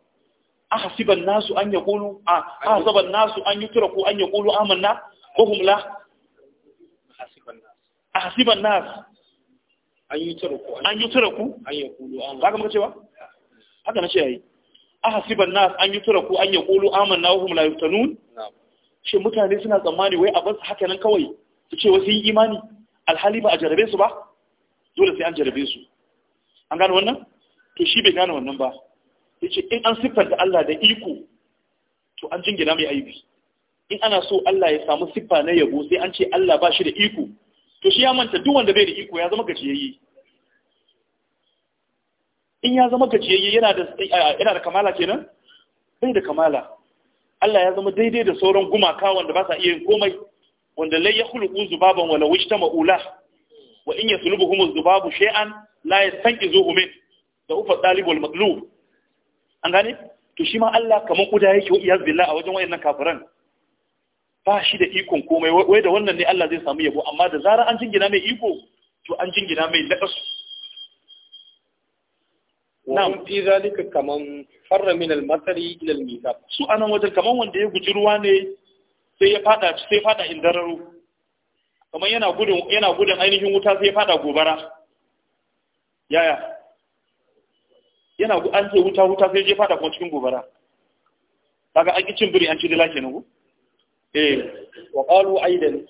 a hasiban nasu an ya kulu a hasiban nasu an yi tura ko an ya kulu amanna ko humla a hasiban nasu an yi tura ku an yi ku ya kulu amanna ba muka cewa haka na ce yi. a hasiban nasu an yi tura ku an ya kulu amanna ko humla yuftanun shi mutane suna tsammani wai abin haka nan kawai su ce wasu yi imani alhali ba a jarabe su ba dole sai an jarabe su an gane wannan to shi bai gane wannan ba ya ce in an siffanta Allah da iko to an jingina mai aibi in ana so Allah ya samu siffa na yabo sai an ce Allah ba shi da iko to shi ya manta duk wanda bai da iko ya zama gajiyayye in ya zama gajiyayye yana da eh, kamala kenan bai da kamala Allah ya zama daidai da sauran gumaka wanda ba sa iya yin komai wanda lai ya zubaban wala wajta maula wa in ya yaslubuhum zubabu shay'an la yastanqizuhu min da ufa talib wal maqlub an gane to shi ma Allah kaman kuda yake wa iyaz billah a wajen wayannan kafiran ba shi da ikon komai wai da wannan ne Allah zai samu yabo amma da zarar an jingina mai iko to an jingina mai lakasu na'am fi zalika kaman farra min al-masari ila al-mizab su anan wajen kaman wanda ya guji ruwa ne sai ya fada sai fada indararo kaman yana gudun yana gudun ainihin wuta sai ya fada gobara yaya yana an ce wuta wuta sai ya fada kuma cikin gobara kaga an cin biri an ci dila kenan ku eh wa qalu aidan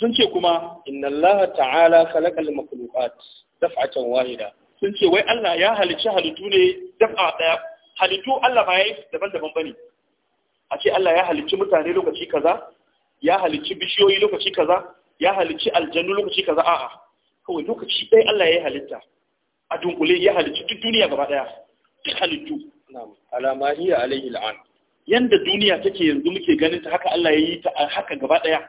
sun ce kuma inna allaha ta'ala khalaqa al-makhluqat daf'atan wahida sun ce wai Allah ya halicci halittu ne dafa daya halittu Allah ba yayi daban-daban ne. a ce Allah ya halicci mutane lokaci kaza ya halicci bishiyoyi lokaci kaza ya halicci aljannu lokaci kaza a'a kawai lokaci ɗaya Allah ya halitta a dunkule ya halicci duk duniya gaba daya duk halittu alama hiya alaihi al'an yanda duniya take yanzu muke ganin ta haka Allah ya yi ta haka gaba daya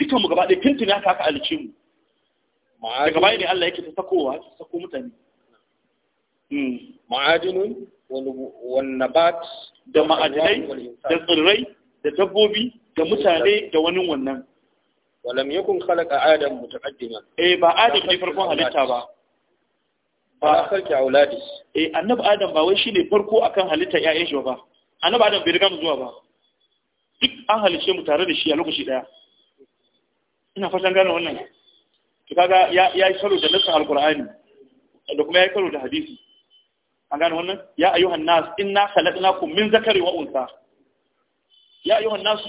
dukan mu gaba daya tuntuni ta haka halicci mu daga baya ne Allah yake ta sakowa ta sako mutane Hmm. wani nabat da ma'adinai da tsirrai da dabbobi da mutane da wani wannan walam yakun khalaqa adam mutaqaddiman eh ba adam ne farkon halitta ba ba sarki auladi eh annab adam ba wai shine farko akan halitta ƴaƴan shi ba annab adam bai riga mu zuwa ba duk an halice mu tare da shi a lokaci daya ina fatan gane wannan kaga ya ya yi karo da nassar alqur'ani da kuma ya yi karo da hadisi an gane wannan ya ayyuhan nas inna khalaqnakum min zakari wa unsa ya ayyuhan nas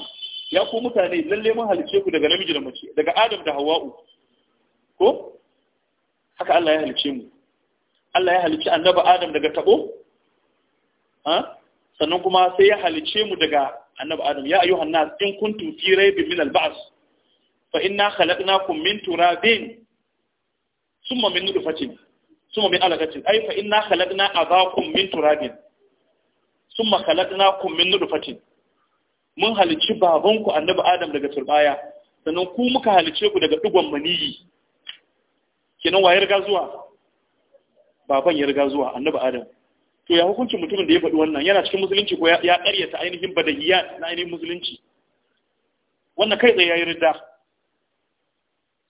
ya ku mutane lalle mun halice ku daga namiji da mace daga adam da hawa'u ko haka Allah ya halice mu Allah ya halice annabi adam daga tabo ha sannan kuma sai ya halice mu daga annabi adam ya ayyuhan nas in kuntum fi raibin min al-ba's fa inna khalaqnakum min turabin thumma min nutfatin suma min alaqatin ai fa inna khalaqna abakum min turabin summa khalaqnakum min nutfatin mun halici babanku annabi adam daga turbaya sannan ku muka halice ku daga digon maniyi kenan wa ya riga zuwa baban ya riga zuwa annabi adam to ya hukuncin mutumin da ya faɗi wannan yana cikin musulunci ko ya ƙaryata ainihin badahiyya na ainihin musulunci wannan kai tsaye ya yi ridda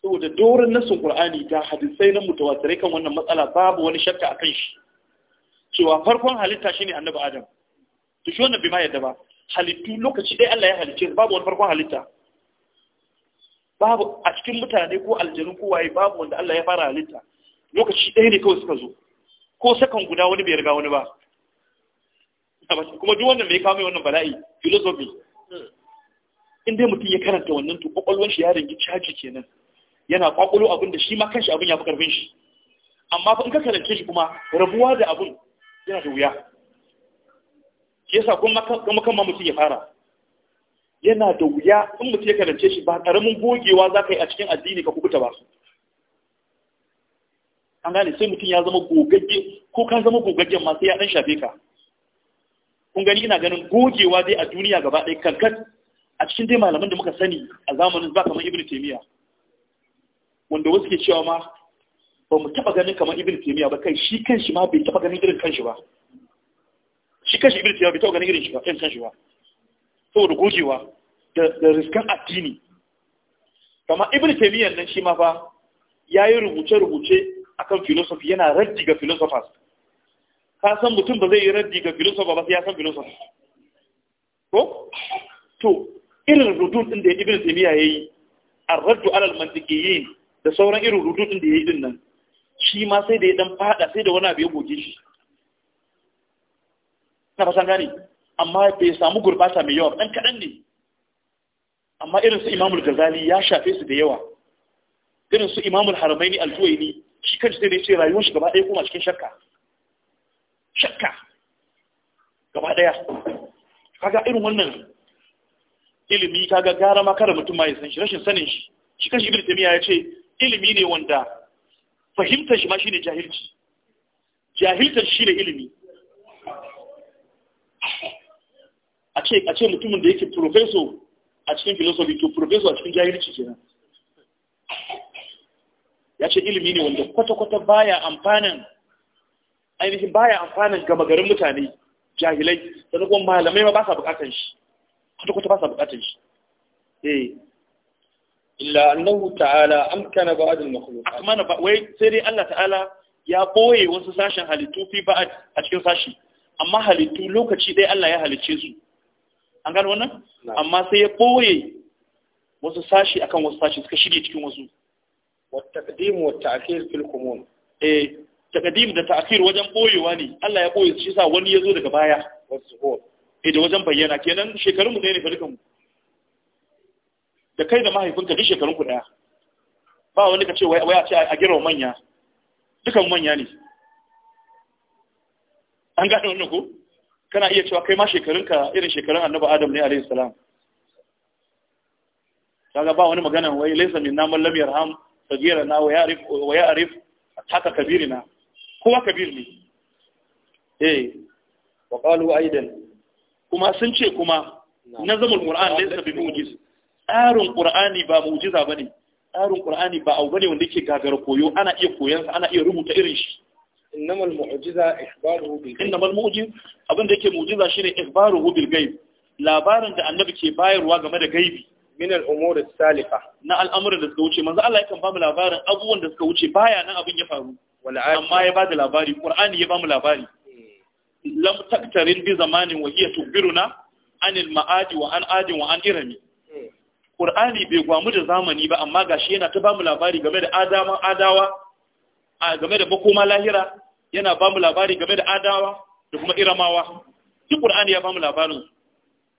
saboda doron nasin qur'ani da hadisai na mutawatirai kan wannan matsala babu wani shakka a kan shi cewa farkon halitta shine annabi adam to shi wannan bai ma yadda ba halittu lokaci ɗaya Allah ya halicce babu wani farkon halitta babu a cikin mutane ko aljanu ko waye babu wanda Allah ya fara halitta lokaci ɗaya ne kawai suka zo ko sakan guda wani bai riga wani ba kuma duk wannan mai kawo mai wannan bala'i philosophy hmm. in dai mutum ya karanta wannan to kwakwalwar shi ya ringi caji kenan yana kwakwalo abin da shi ma kanshi abin ya fi karfin shi amma fa in ka karance shi kuma rabuwa da abin yana da wuya yasa kuma kan ma mutum ya fara yana da wuya in mutum ya karance shi ba karamin gogewa za ka yi a cikin addini ka kubuta ba an gane sai mutum ya zama gogagge ko ka zama gogaggen ma sai ya dan shafe ka kun gani ina ganin gogewa dai a duniya gaba ɗaya kankan a cikin dai malaman da muka sani a zamanin ba kamar ibnu taymiya wanda wasu ke cewa ma ba mu taba ganin kamar ibn taymiya ba kai shi kanshi ma bai taba ganin irin kanshi ba shi kanshi ibn taymiya bai taba ganin irin shi ba kan kanshi ba saboda gogewa da da riskan addini kama ibn taymiya nan shi ma fa yayi rubuce rubuce akan philosophy yana raddi ga philosophers ka san mutum ba zai yi raddi ga philosopher ba sai ya san philosopher ko to irin rudun din da ibn taymiya yayi ar-raddu ala al-mantiqiyyin da sauran irin rututun da ya yi din nan shi ma sai da ya dan fada sai da wani abu ya goge shi na fasan gani. amma bai samu gurbata mai yawa dan kaɗan ne amma irin su imamul gazali ya shafe su da yawa irin su imamul haramaini al aljuwaini shi kan sai ne ce rayuwar shi gaba ɗaya kuma cikin shakka shakka gaba ɗaya kaga irin wannan ilimi kaga gara ma kada mutum ma ya san shi rashin sanin shi shi kan shi ibn taymiya ya ce ilimi ne wanda fahimtar shi ma ne jahilci jahiltar shi ne ilimi a ce mutumin da yake profeso a cikin filosofi to profeso a cikin jahilci nan. ya ce ilimi ne wanda kwata-kwata baya amfanin ainihin baya amfanin gama garin mutane jahilai da kuma malamai ma ba sa bukatan shi kwata-kwata ba sa bukatan shi eh illa annahu ta'ala amkana ba'd al-makhluqat mana ba wai sai dai Allah ta'ala ya boye wasu sashen halittu fi ba'd a cikin sashi amma halittu lokaci ɗaya Allah ya halicce su an gano wannan amma sai ya boye wasu sashi akan wasu sashi suka shige cikin wasu wa taqdim wa ta'khir fil kumun eh taqdim da ta'khir wajen boyewa ne Allah ya boye shi sa wani yazo daga baya wasu eh da wajen bayyana kenan shekarun mu ne ne fa mu da kai da mahaifinka duk shekarun ku daya ba wani ka ce wai a ce a wa manya dukan manya ne an gane wani ku kana iya cewa kai ma shekarunka irin shekarun annaba adam ne alaihi salam kaga ba wani magana wai laysa min namal lam yarham sagira na wa ya'rif wa ya'rif haka kabirina kowa kabir ne eh wa qalu aidan kuma sun ce kuma nazamul qur'an laysa bi mujiz tsarin ƙur'ani ba mu'jiza ba ne tsarin ƙur'ani ba abu ne wanda yake gagara koyo ana iya sa, ana iya rubuta irin shi innamal mu'jiza ikhbaruhu bil ghaib innamal mu'jiz abin da yake mu'jiza shine ikhbaruhu bil ghaib labarin da annabi ke bayarwa game da gaibi min al umur as salifa na al'amuran da suka wuce manzo Allah yakan ba mu labarin abubuwan da suka wuce baya nan abin ya faru amma ya bada labari qur'ani ya ba mu labari hmm. lam taktarin bi zamanin wa hiya tubiruna anil ma'adi wa an adin wa an irami Ƙur'ani bai gwamu da zamani ba amma gashi yana ta bamu labari game da Adama Adawa game da makoma lahira yana bamu labari game da Adawa da kuma Iramawa shi ƙur'ani ya bamu labarin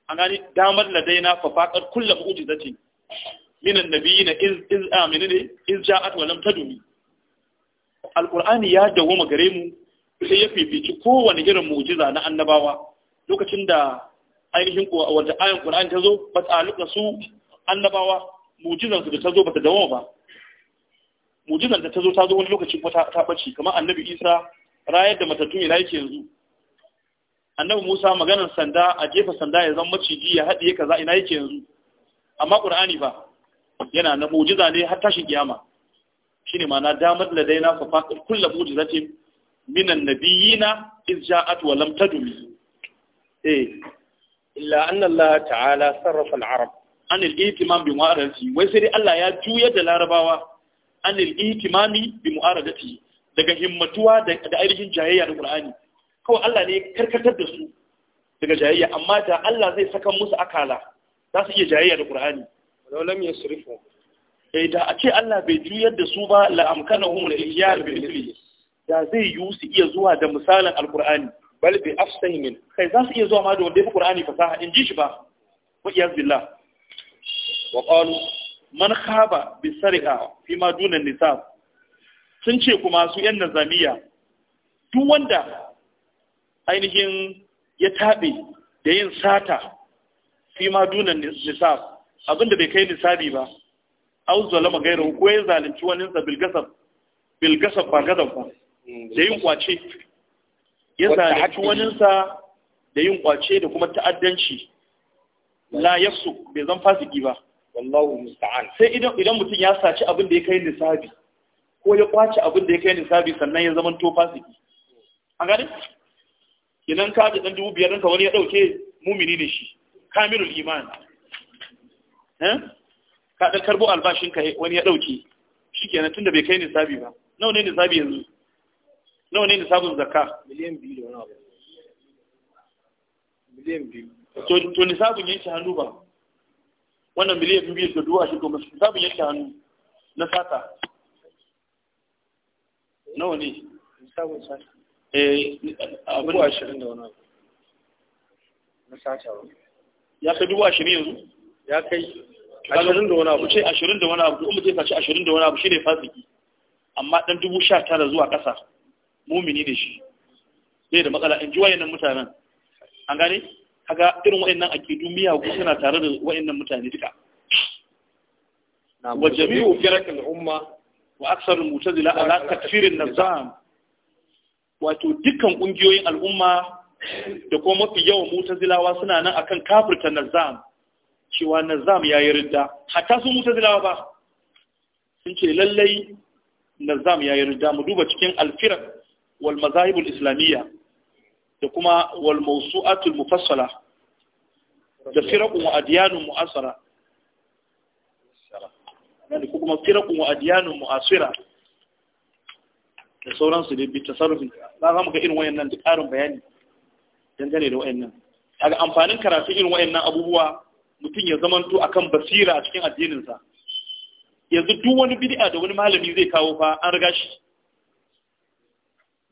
an gani damar ladaina fa faqat kullu mu'jizatin min annabiyina iz iz aminu ne iz ja'at wa lam tadumi alqur'ani ya dawoma gare mu sai ya fifici kowanne irin mu'jiza na annabawa lokacin da ainihin ko wanda ayan qur'ani ta zo fas'alu su annabawa mujizansu da ta zo bata dawo ba mujizan da ta zo ta zo wani lokaci ko ta bace kamar annabi isa rayar da matatun ina yake yanzu annabi musa maganar sanda a jefa sanda ya zama maciji ya haɗiye kaza ina yake yanzu amma qur'ani ba yana na mujiza ne har tashin kiyama shine ma'ana damar da dai na fa faqir kullu mujizatin minan nabiyina iz ja'at wa lam tadumi eh illa anna allah ta'ala sarrafa al-arab anil ihtimam bi mu'aradati wai sai dai Allah ya juyar da larabawa anil ihtimami bi mu'aradati daga himmatuwa da ainihin jayayya da Qur'ani kawai Allah ne karkatar da su daga jayayya amma da Allah zai saka musu akala za su iya jayayya da Qur'ani walau lam yasrifu eh da a ce Allah bai juyar da su ba la amkanahum la ihyar bil ilmi da zai yi su iya zuwa da misalan alqur'ani bal bi afsahin kai za su iya zuwa ma da wanda ya fi qur'ani fasaha in ji shi ba wa iyaz billah wa qalu man khaba bi sariha fi ma dunan nisab sun ce kuma su yan nazamiya duk wanda ainihin ya taɓe da yin sata fi ma dunan nisab abinda bai kai nisabi ba au zalama gairu ko ya zalunci wani sa bil gasab ba gadan ba da yin kwace ya zalunci wani sa da yin kwace da kuma ta'addanci la yasu bai zan fasiki ba wallahu musta'an sai idan idan mutum ya saci abin da ya kai nisabi ko ya kwaci abin da ya kai nisabi sannan ya zama to fasiki an gane idan ka ji dan dubu biyar ka wani ya ɗauke mumini ne shi kamilul iman eh? ka ɗan karbo ka wani ya ɗauke shi kenan tunda bai kai nisabi ba nawa ne nisabi yanzu nawa ne nisabin zakka miliyan biyu da wani abu miliyan biyu to nisabin yake hannu ba wannan miliyan biyu da duwa shi domin su samun yake hannu na sata nawa ne samun sata eh abu da ashirin da wani na sata ya kai dubu ashirin yanzu ya kai ashirin da wani abu ce ashirin da wani abu kuma zai sace ashirin da wani abu shi ne fasiki amma dan dubu sha tara zuwa ƙasa mumini da shi zai da matsala in ji wayannan mutanen an gane kaga irin waɗannan akidu miyagu suna tare da waɗannan mutane duka wa jami'u firakal umma wa aksar mutazila ala takfirin nazam? wato dukkan kungiyoyin al'umma da kuma mafi yawan mutazilawa suna nan akan kafirta nazam. cewa nazam ya yi ridda hatta su mutazilawa ba sun ce lallai nazam ya yi ridda mu duba cikin alfirak wal mazahibul islamiyya da kuma wal mawsu'atul mufassala da firaqun wa adyanun mu'asara da kuma firaqun wa adyanun mu'asira da sauransu da bi tasarrufi za mu ga irin wayannan da ƙarin bayani dangane da wayannan daga amfanin karatu irin wayannan abubuwa mutum ya zamanto akan basira a cikin addininsa yanzu duk wani bid'a da wani malami zai kawo fa an riga shi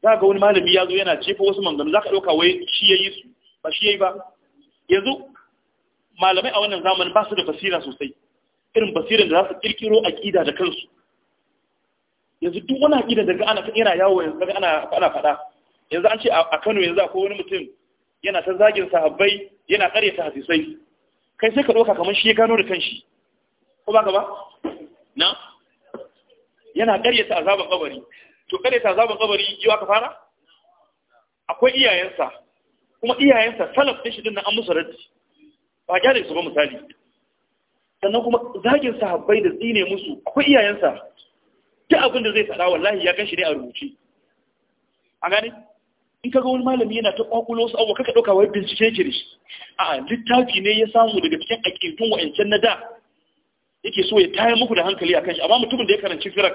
za ga wani malami ya zo yana jefa wasu manganu za ka ɗauka wai shi ya yi su ba shi ya yi ba yanzu malamai a wannan zamanin ba su da basira sosai irin basirin da za su ƙirƙiro a ƙida da kansu yanzu duk wani aƙida daga ana yana yawo yanzu daga ana faɗa faɗa yanzu an ce a Kano yanzu akwai wani mutum yana ta zagin sahabbai yana ƙare ta hadisai kai sai ka ɗauka kamar shi ya gano da kanshi ko ba ka ba na yana ƙare ta azabar kabari to kare ta zaba kabari yau aka fara akwai iyayensa kuma iyayensa salaf ɗin shi ɗin an musu raddi ba gyara su ba misali sannan kuma zagin sahabbai da tsine musu akwai iyayensa duk abin da zai faɗa wallahi ya gan ne a rubuce a gane in kaga wani malami yana ta kwakulo su abu kaka dauka wai bincike yake dashi. shi a littafi ne ya samu daga cikin aƙirtun wa'ancan na da yake so ya tayar muku da hankali a kan shi amma mutumin da ya karanci firak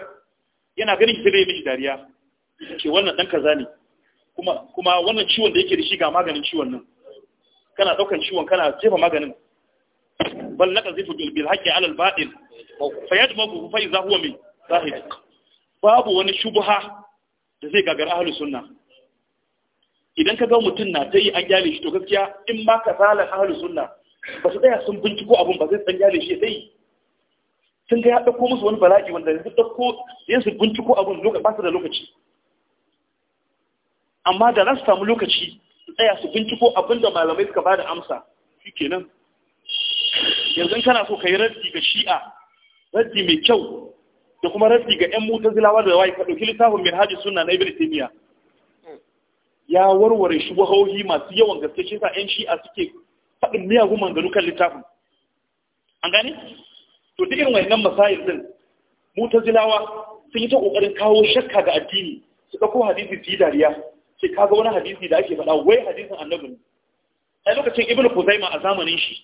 yana ganin ki zai mishi dariya ce wannan dan kaza ne kuma kuma wannan ciwon da yake da shi ga maganin ciwon nan kana daukan ciwon kana jefa maganin bal naqzifu bil haqqi ala al batil fa yadmagu fa idha huwa min zahid babu wani shubha da zai gagara ahlus sunna idan ka ga mutum na ta yi an gyale shi to gaskiya in ma ka zalar ahalus sunna ba su tsaya sun binciko abun ba zai san gyale shi sai sun ga ya ɗauko musu wani bala'i wanda yanzu ɗauko yin su binciko abin ba su da lokaci amma da za su samu lokaci su tsaya su binciko abin da malamai suka ba da amsa shi nan. yanzu kana so ka yi raddi ga shi'a raddi mai kyau da kuma raddi ga 'yan zilawa da wayi ka ɗauki littafin hajji suna na ibn taymiya ya warware shubuhohi masu yawan gaske shi sa 'yan shi'a suke faɗin miyagun manganu kan littafin an gane to duk irin wannan masail din mutazilawa sun yi ta kokarin kawo shakka ga addini su dauko hadisi su dariya sai kaga wani hadisi da ake faɗa wai hadisin annabi ne a lokacin ibnu kuzaima a zamanin shi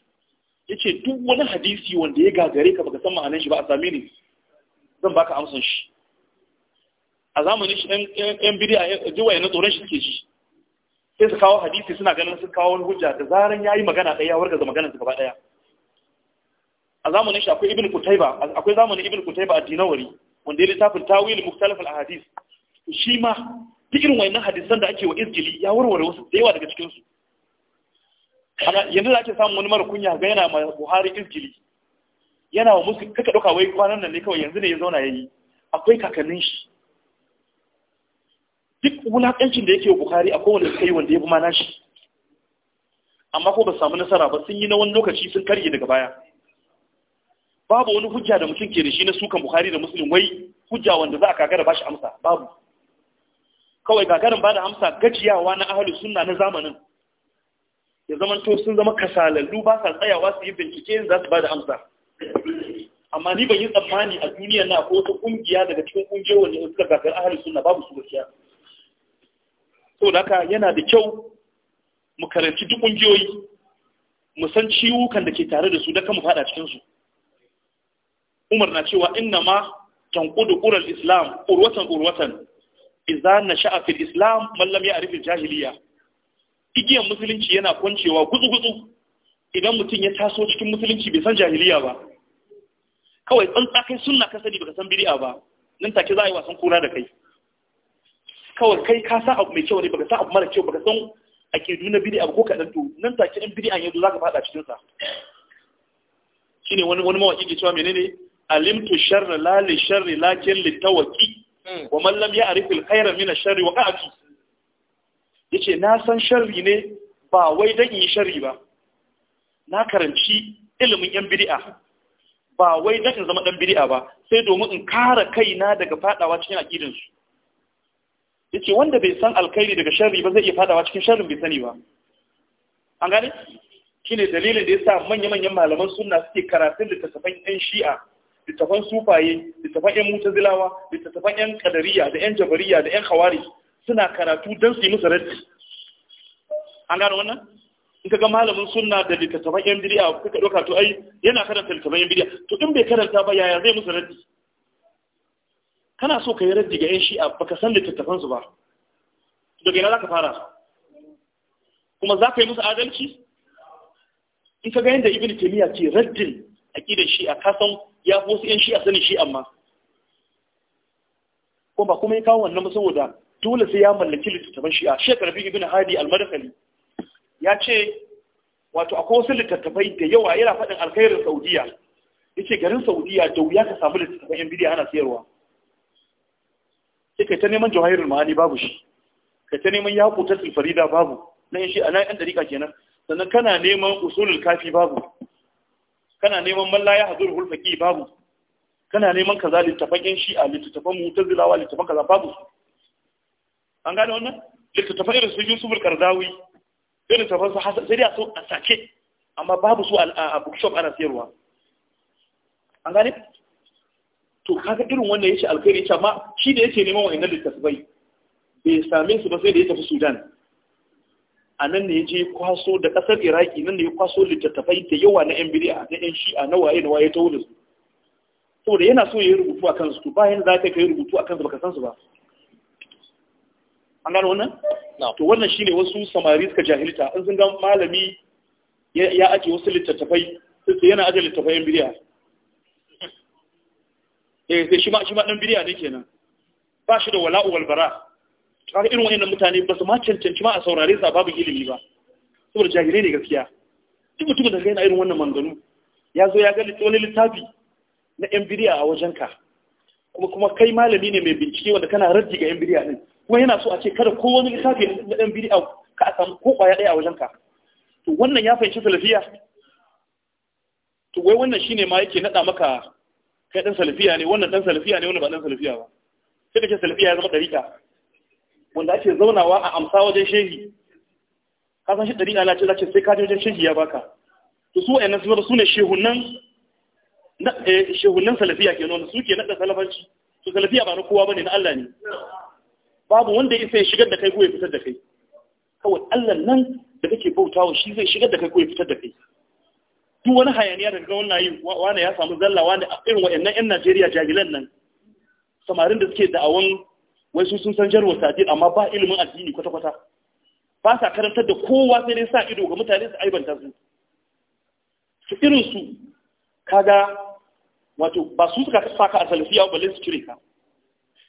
yace duk wani hadisi wanda ya gagare ka baka san ma'anar shi ba a same ni zan baka amsan shi a zamanin shi yan bidiya ji na tsoron shi suke shi sai su kawo hadisi suna ganin su kawo wani hujja da zaran yayi magana ɗaya warga da maganar su gaba ɗaya a zamanin shi akwai ibn kutaiba akwai zamanin ibn kutaiba a dinawari wanda ya littafin tawil muktalaf al ahadith shi ma duk irin wayannan hadisan da ake wa izgili ya warware wasu da yawa daga cikin su ana yanzu da ake samun wani mara kunya ga yana ma buhari izgili yana wa musu kaka dauka wai kwanan nan ne kawai yanzu ne ya zauna yayi akwai kakannin shi duk wulakancin da yake wa buhari akwai wanda suka yi wanda ya bi ma nashi amma ko ba samu nasara ba sun yi na wani lokaci sun karye daga baya babu wani hujja da mutum ke da shi na sukan bukhari da muslim wai hujja wanda za a kagara ba shi amsa babu kawai gagarin ba da amsa gajiyawa na ahalus sunna na zamanin ya zaman to sun zama kasalallu ba sa tsayawa su yi bincike za su ba da amsa amma ni ban yi tsammani a duniya na ko wata kungiya daga cikin kungiyoyin da suka gagar ahalus sunna babu su gaskiya to da yana da kyau mu karanci duk kungiyoyi mu san ciwukan da ke tare da su da kama fada cikinsu. umar na cewa inna ma tanqudu qural islam urwatan urwatan idza nasha'a fil islam man lam ya'rif al jahiliya igiyan musulunci yana kuncewa gutsu gutsu idan mutum ya taso cikin musulunci bai san jahiliya ba kawai tsantsa kai sunna ka sani baka san bid'a ba nan take za a yi wasan kura da kai kawai kai ka san abu mai kyau ne baka san abu mara kyau baka san ake na bid'a ko dan to nan take in bid'a yanzu zaka fada cikin sa shine wani wani mawaki ke cewa menene alimtu sharra la li sharri lakin li tawaki hmm. wa man lam ya'rif al khayra min ash-sharri wa qafi yace na san sharri ne ba wai dan yi sharri ba na karanci ilimin yan bid'a ba wai dan zama dan bid'a ba sai domin in kare kaina daga fadawa cikin aqidin su yace wanda bai san alkhairi daga sharri ba zai iya fadawa cikin sharrin bai sani ba an gane shine dalilin da yasa manya-manyan malaman sunna suke karatun littattafan yan shi'a littafan sufaye littafan yan mutazilawa littafan yan kadariya da yan jabariya da yan khawari suna karatu don su yi musu raddi an gano wannan in ka ga malamin sunna da littattafan yan biriya kuka ɗauka to ai yana karanta littattafan yan biriya. to in bai karanta ba yaya zai musu raddi kana so ka yi raddi ga yan shi'a baka san littattafan su ba daga yana ka fara kuma za ka yi musu adalci in ka ga yadda ibn taymiya ke raddin aqidar shi a kasan ya fi wasu yan a sanin shi amma Kuma kuma ya kawo wannan ba saboda dole sai ya mallaki littattafan shi a Sheikh Rabi ibina Hadi al ya ce wato akwai wasu littattafai da yawa yana faɗin alkhairar Saudiya ce garin Saudiya da wuya ka samu littattafan yan bidiya ana sayarwa sai kai ta neman jawahirul ma'ani babu shi kai ta neman yaqutul farida babu Na yin shi a nan ɗan dariƙa kenan sannan kana neman usulul kafi babu kana neman man la ya hazur hulfaqi babu kana neman kaza littafan shi'a littafan mutazilawa littafan kaza babu an gane wannan littafan irin su Yusuf al-Qardawi irin tafan su Hassan sai dai so a sace amma babu su a bookshop ana sayarwa an gane to kaga irin wannan yace alkhairi yace amma shi da yake neman wa'annan littafai bai same su ba sai da ya tafi Sudan a nan ne ya je kwaso da ƙasar iraki nan ne ya kwaso littattafai da yawa na yan biri'a na yan shi'a na waye na waye ta wurin saboda yana so ya yi rubutu a kansu to bayan za ka yi rubutu a kansu baka san su ba an gano wannan to wannan shine wasu samari suka jahilta in sun ga malami ya ajiye wasu littattafai sai yana ajiye littattafai yan biri'a eh sai shi ma shi ma dan biri'a ne kenan ba shi da wala'u wal bara kaga irin wayannan mutane ba su ma cancanci ma a saurare sa babu ilimi ba saboda jahilai ne gaskiya duk mutum da yana irin wannan manganu ya zo ya ga wani littafi na yan biriya a wajenka kuma kuma kai malami ne mai bincike wanda kana raddi ga yan biriya din kuma yana so a ce kada ko wani littafi na yan biriya ka a samu ko kwaya ɗaya a wajenka to wannan ya fahimci salafiya to wai wannan shine ma yake nada maka kai dan salafiya ne wannan dan salafiya ne wannan ba dan salafiya ba sai da ke salafiya ya zama dariƙa wanda ake zaunawa a amsa wajen shehi ka san shi ɗari ala ce za ce sai kaji wajen shehi ya baka to su wa'yan nasu su ne shehunan eh, salafiya ke nuna su ke naɗa salafanci to salafiya ba na kowa ba ne na Allah ne babu wanda ya sai shigar da kai ko ya fitar da kai kawai Allah nan da kake bautawa shi zai shigar da kai ko ya fitar da kai duk wani hayaniya daga wannan yi wani ya samu zalla wani irin wa'annan 'yan Najeriya jagilan nan samarin da suke da'awan wai su sun san jarwar tajir amma ba ilimin addini kwata-kwata ba sa karantar da kowa sai dai sa ido ga mutane su aibanta su su irin su kaga wato ba su suka sa ka a salafiya balle su cire ka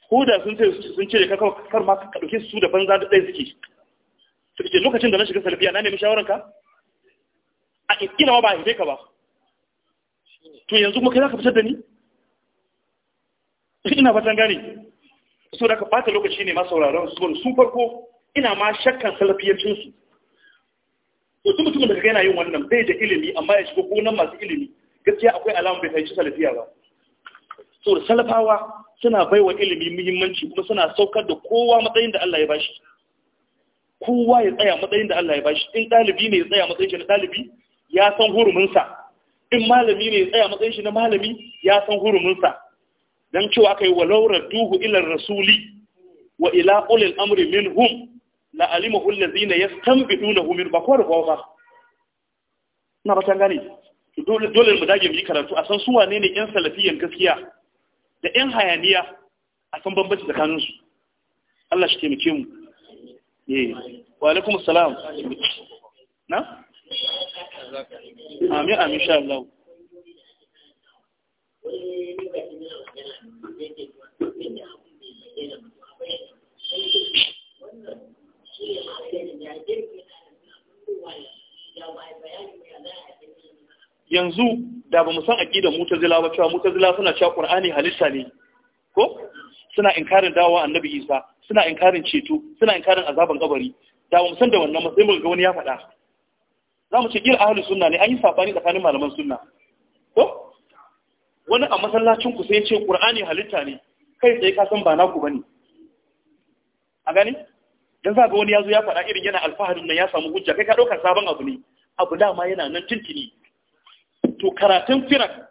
ko da sun ce sun cire ka kar ma ka dauke su da banza da ɗaya suke ke lokacin da na shiga salafiya na nemi shawaran ka a kila ba a haife ka ba to yanzu kuma kai za ka fitar da ni ina fatan gane so da ka bata lokaci ne masu sauraron su su farko ina ma shakkan salafiyancinsu to su mutumin da kaga yana yin wannan bai da ilimi amma ya shiga gonan masu ilimi gaskiya akwai alamun bai fahimci salafiya ba so da salafawa suna baiwa ilimi muhimmanci kuma suna saukar da kowa matsayin da Allah ya bashi kowa ya tsaya matsayin da Allah ya bashi in ɗalibi ne ya tsaya matsayin shi na ɗalibi ya san huruminsa in malami ne ya tsaya matsayin shi na malami ya san huruminsa dan cewa kai walau duhu ila rasuli wa ila ulil amri minhum la ya allazina yastanbidunahu min ba ko da ba na ba gane dole dole mu dage mu yi karatu a san su wane ne yan salafiyan gaskiya da yan hayaniya a san bambanci tsakanin su Allah shi taimake mu eh wa alaikum assalam na amin amin insha Allah yanzu da ba musan san aqidar mutazila ba cewa mutazila suna cewa qur'ani halitta ne ko suna inkarin dawowa annabi isa suna inkarin ceto suna inkarin azaban kabari da ba musan san da wannan matsayin mu ga wani ya faɗa za mu ce kila ahlus sunna ne an yi safani tsakanin malaman sunna ko wani a masallacin ku sai ce qur'ani halitta ne kai sai ka san ba naku bane a gani dan za ga wani yazo ya faɗa irin yana alfaharin nan ya samu hujja kai ka dauka sabon abu ne abu dama yana nan tintini to karatun firak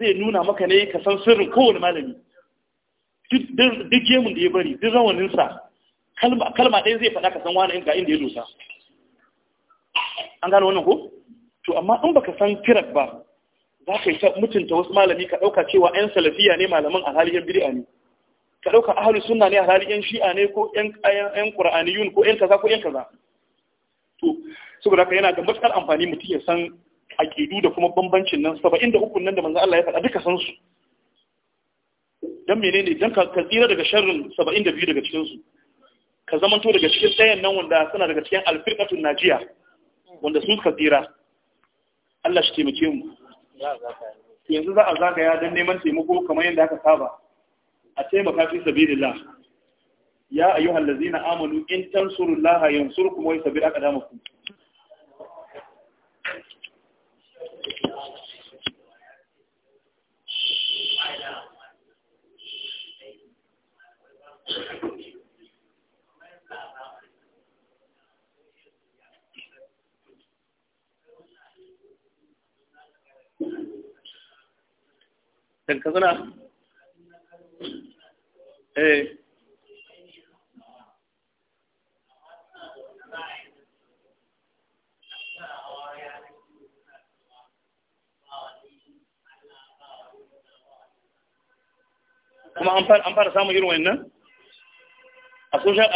zai nuna maka ne ka san sirrin kowane malami duk gemun da ya bari duk rawaninsa kalma ɗaya zai faɗa ka san wani ga inda ya dosa an gano wannan ko to amma in baka san firak ba za ka yi ta mutunta wasu malami ka ɗauka cewa 'yan salafiya ne malaman a yan bid'a ne ka ɗauka ahalu suna ne a yan shi'a ne ko yan ƙura'aniyun ko yan kaza ko yan kaza to saboda haka yana da matukar amfani mutum ya san a ƙidu da kuma bambancin nan saba'in da hukun nan da manzan Allah ya faɗa duka san su dan menene dan ka tsira daga sharrin saba'in da biyu daga cikin su ka zamanto daga cikin tsayen nan wanda suna daga cikin alfirkatun najiya wanda sun ka tsira Allah shi taimake mu yanzu za a zagaya don neman taimako kamar yadda aka saba a taimaka da sabilillah ya ayyuhal ladzina amanu in tansurullaha yansurkum aka damu aqdamakum katsina eh kuma an fara samun irin wannan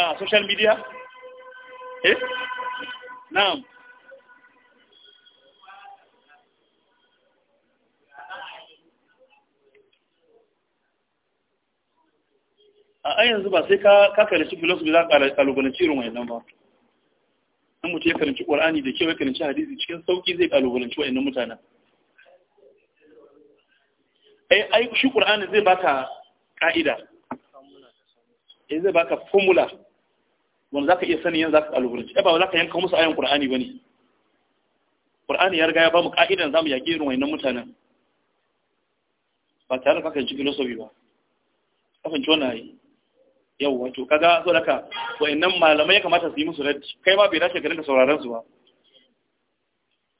a social media eh na'am a yanzu ba sai ka karanci philosophy za ka kalubalanci irin wayannan ba in mutum ya karanci qur'ani da kewa ya karanci hadisi cikin sauki zai kalubalanci wayannan mutanen ai ai shi qur'ani zai baka ka'ida eh zai baka formula wanda zaka iya sanin yanzu zaka kalubalanci ai ba za ka yanka musu ayan qur'ani bane qur'ani ya riga ya ba mu ka'idan zamu yaƙi irin wayannan mutanen ba tare da ka karanci Filosofi ba kafin ci wannan yi yau wato kaga so daga wayannan malamai ya kamata su yi musu raddi kai ma bai dace garin da sauraron su ba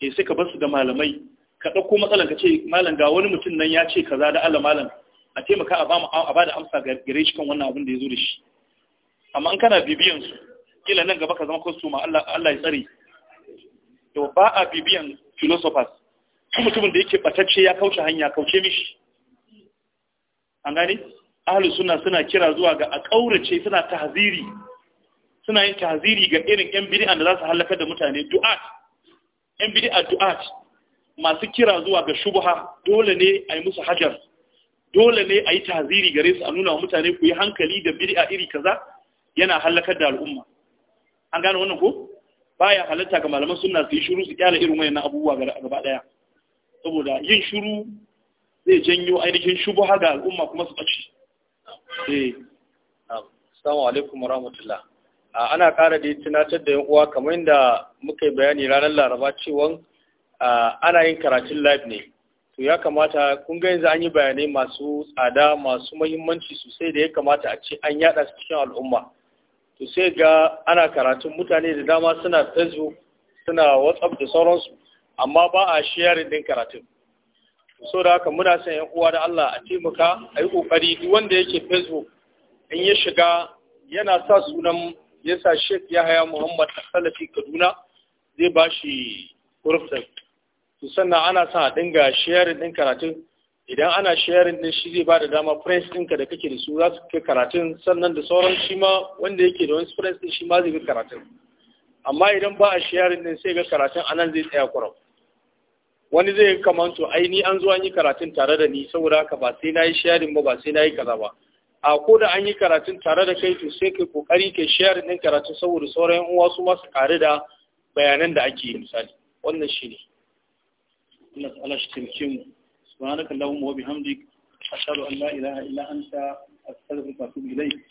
eh sai ka bar su da malamai ka dauko matsalan ka ce malam ga wani mutum nan ya ce kaza da Allah malam a taimaka a ba mu a bada da amsa ga gare shi kan wannan abin da ya zo da shi amma in kana bibiyan su kila nan gaba ka zama ma Allah Allah ya tsare to ba a bibiyan philosophers mutumin da yake batacce ya kauce hanya kauce mishi an gane ahlus sunna suna kira zuwa ga a kaurace suna tahziri suna yin tahziri ga irin yan bid'a da za su halaka da mutane du'at yan bid'a du'at masu kira zuwa ga shubha dole ne a yi musu hajar dole ne a yi tahziri gare su a nuna wa mutane ku yi hankali da bid'a iri kaza yana halakar da al'umma an gane wannan ko baya halatta ga malaman sunna su yi shiru su kyala irin wayannan abubuwa gaba daya saboda yin shiru zai janyo ainihin shubha ga al'umma kuma su ɓace assalamu alaikum warahmatullah ana ƙara da tunatar da yan uwa kamar yadda muka bayani ranar laraba cewa ana yin karatun live ne to ya kamata kun ga yanzu an yi bayanai masu tsada masu mahimmanci sosai da ya kamata a ce an yada su cikin al'umma to sai ga ana karatun mutane da dama suna facebook suna whatsapp da sauransu amma ba a sharing din karatun so da haka muna son yan uwa da Allah a taimaka a yi kokari duk wanda yake facebook in ya shiga yana sa sunan yasa sa Sheikh Yahaya Muhammad Salafi Kaduna zai ba shi kurfin to sannan ana sa a dinga sharing din karatun idan ana sharing din shi zai ba dama friends ɗinka da kake da su za su kai karatun sannan da sauran shi ma wanda yake da wani friends din shi ma zai ga karatun amma idan ba a sharing din sai ga karatun anan zai tsaya kurau wani zai kamanto to ai ni an zo an yi karatun tare da ni saboda haka ba sai na yi sharing ba ba sai na yi kaza ba a ko da an yi karatun tare da kai to sai kai kokari kai sharing din karatun saboda sauran uwa su ma su kare da bayanan da ake yi misali wannan shi ne Allah ta'ala shi taimake mu subhanaka allahumma wa bihamdik ashhadu an la ilaha illa anta astaghfiruka wa atubu ilayk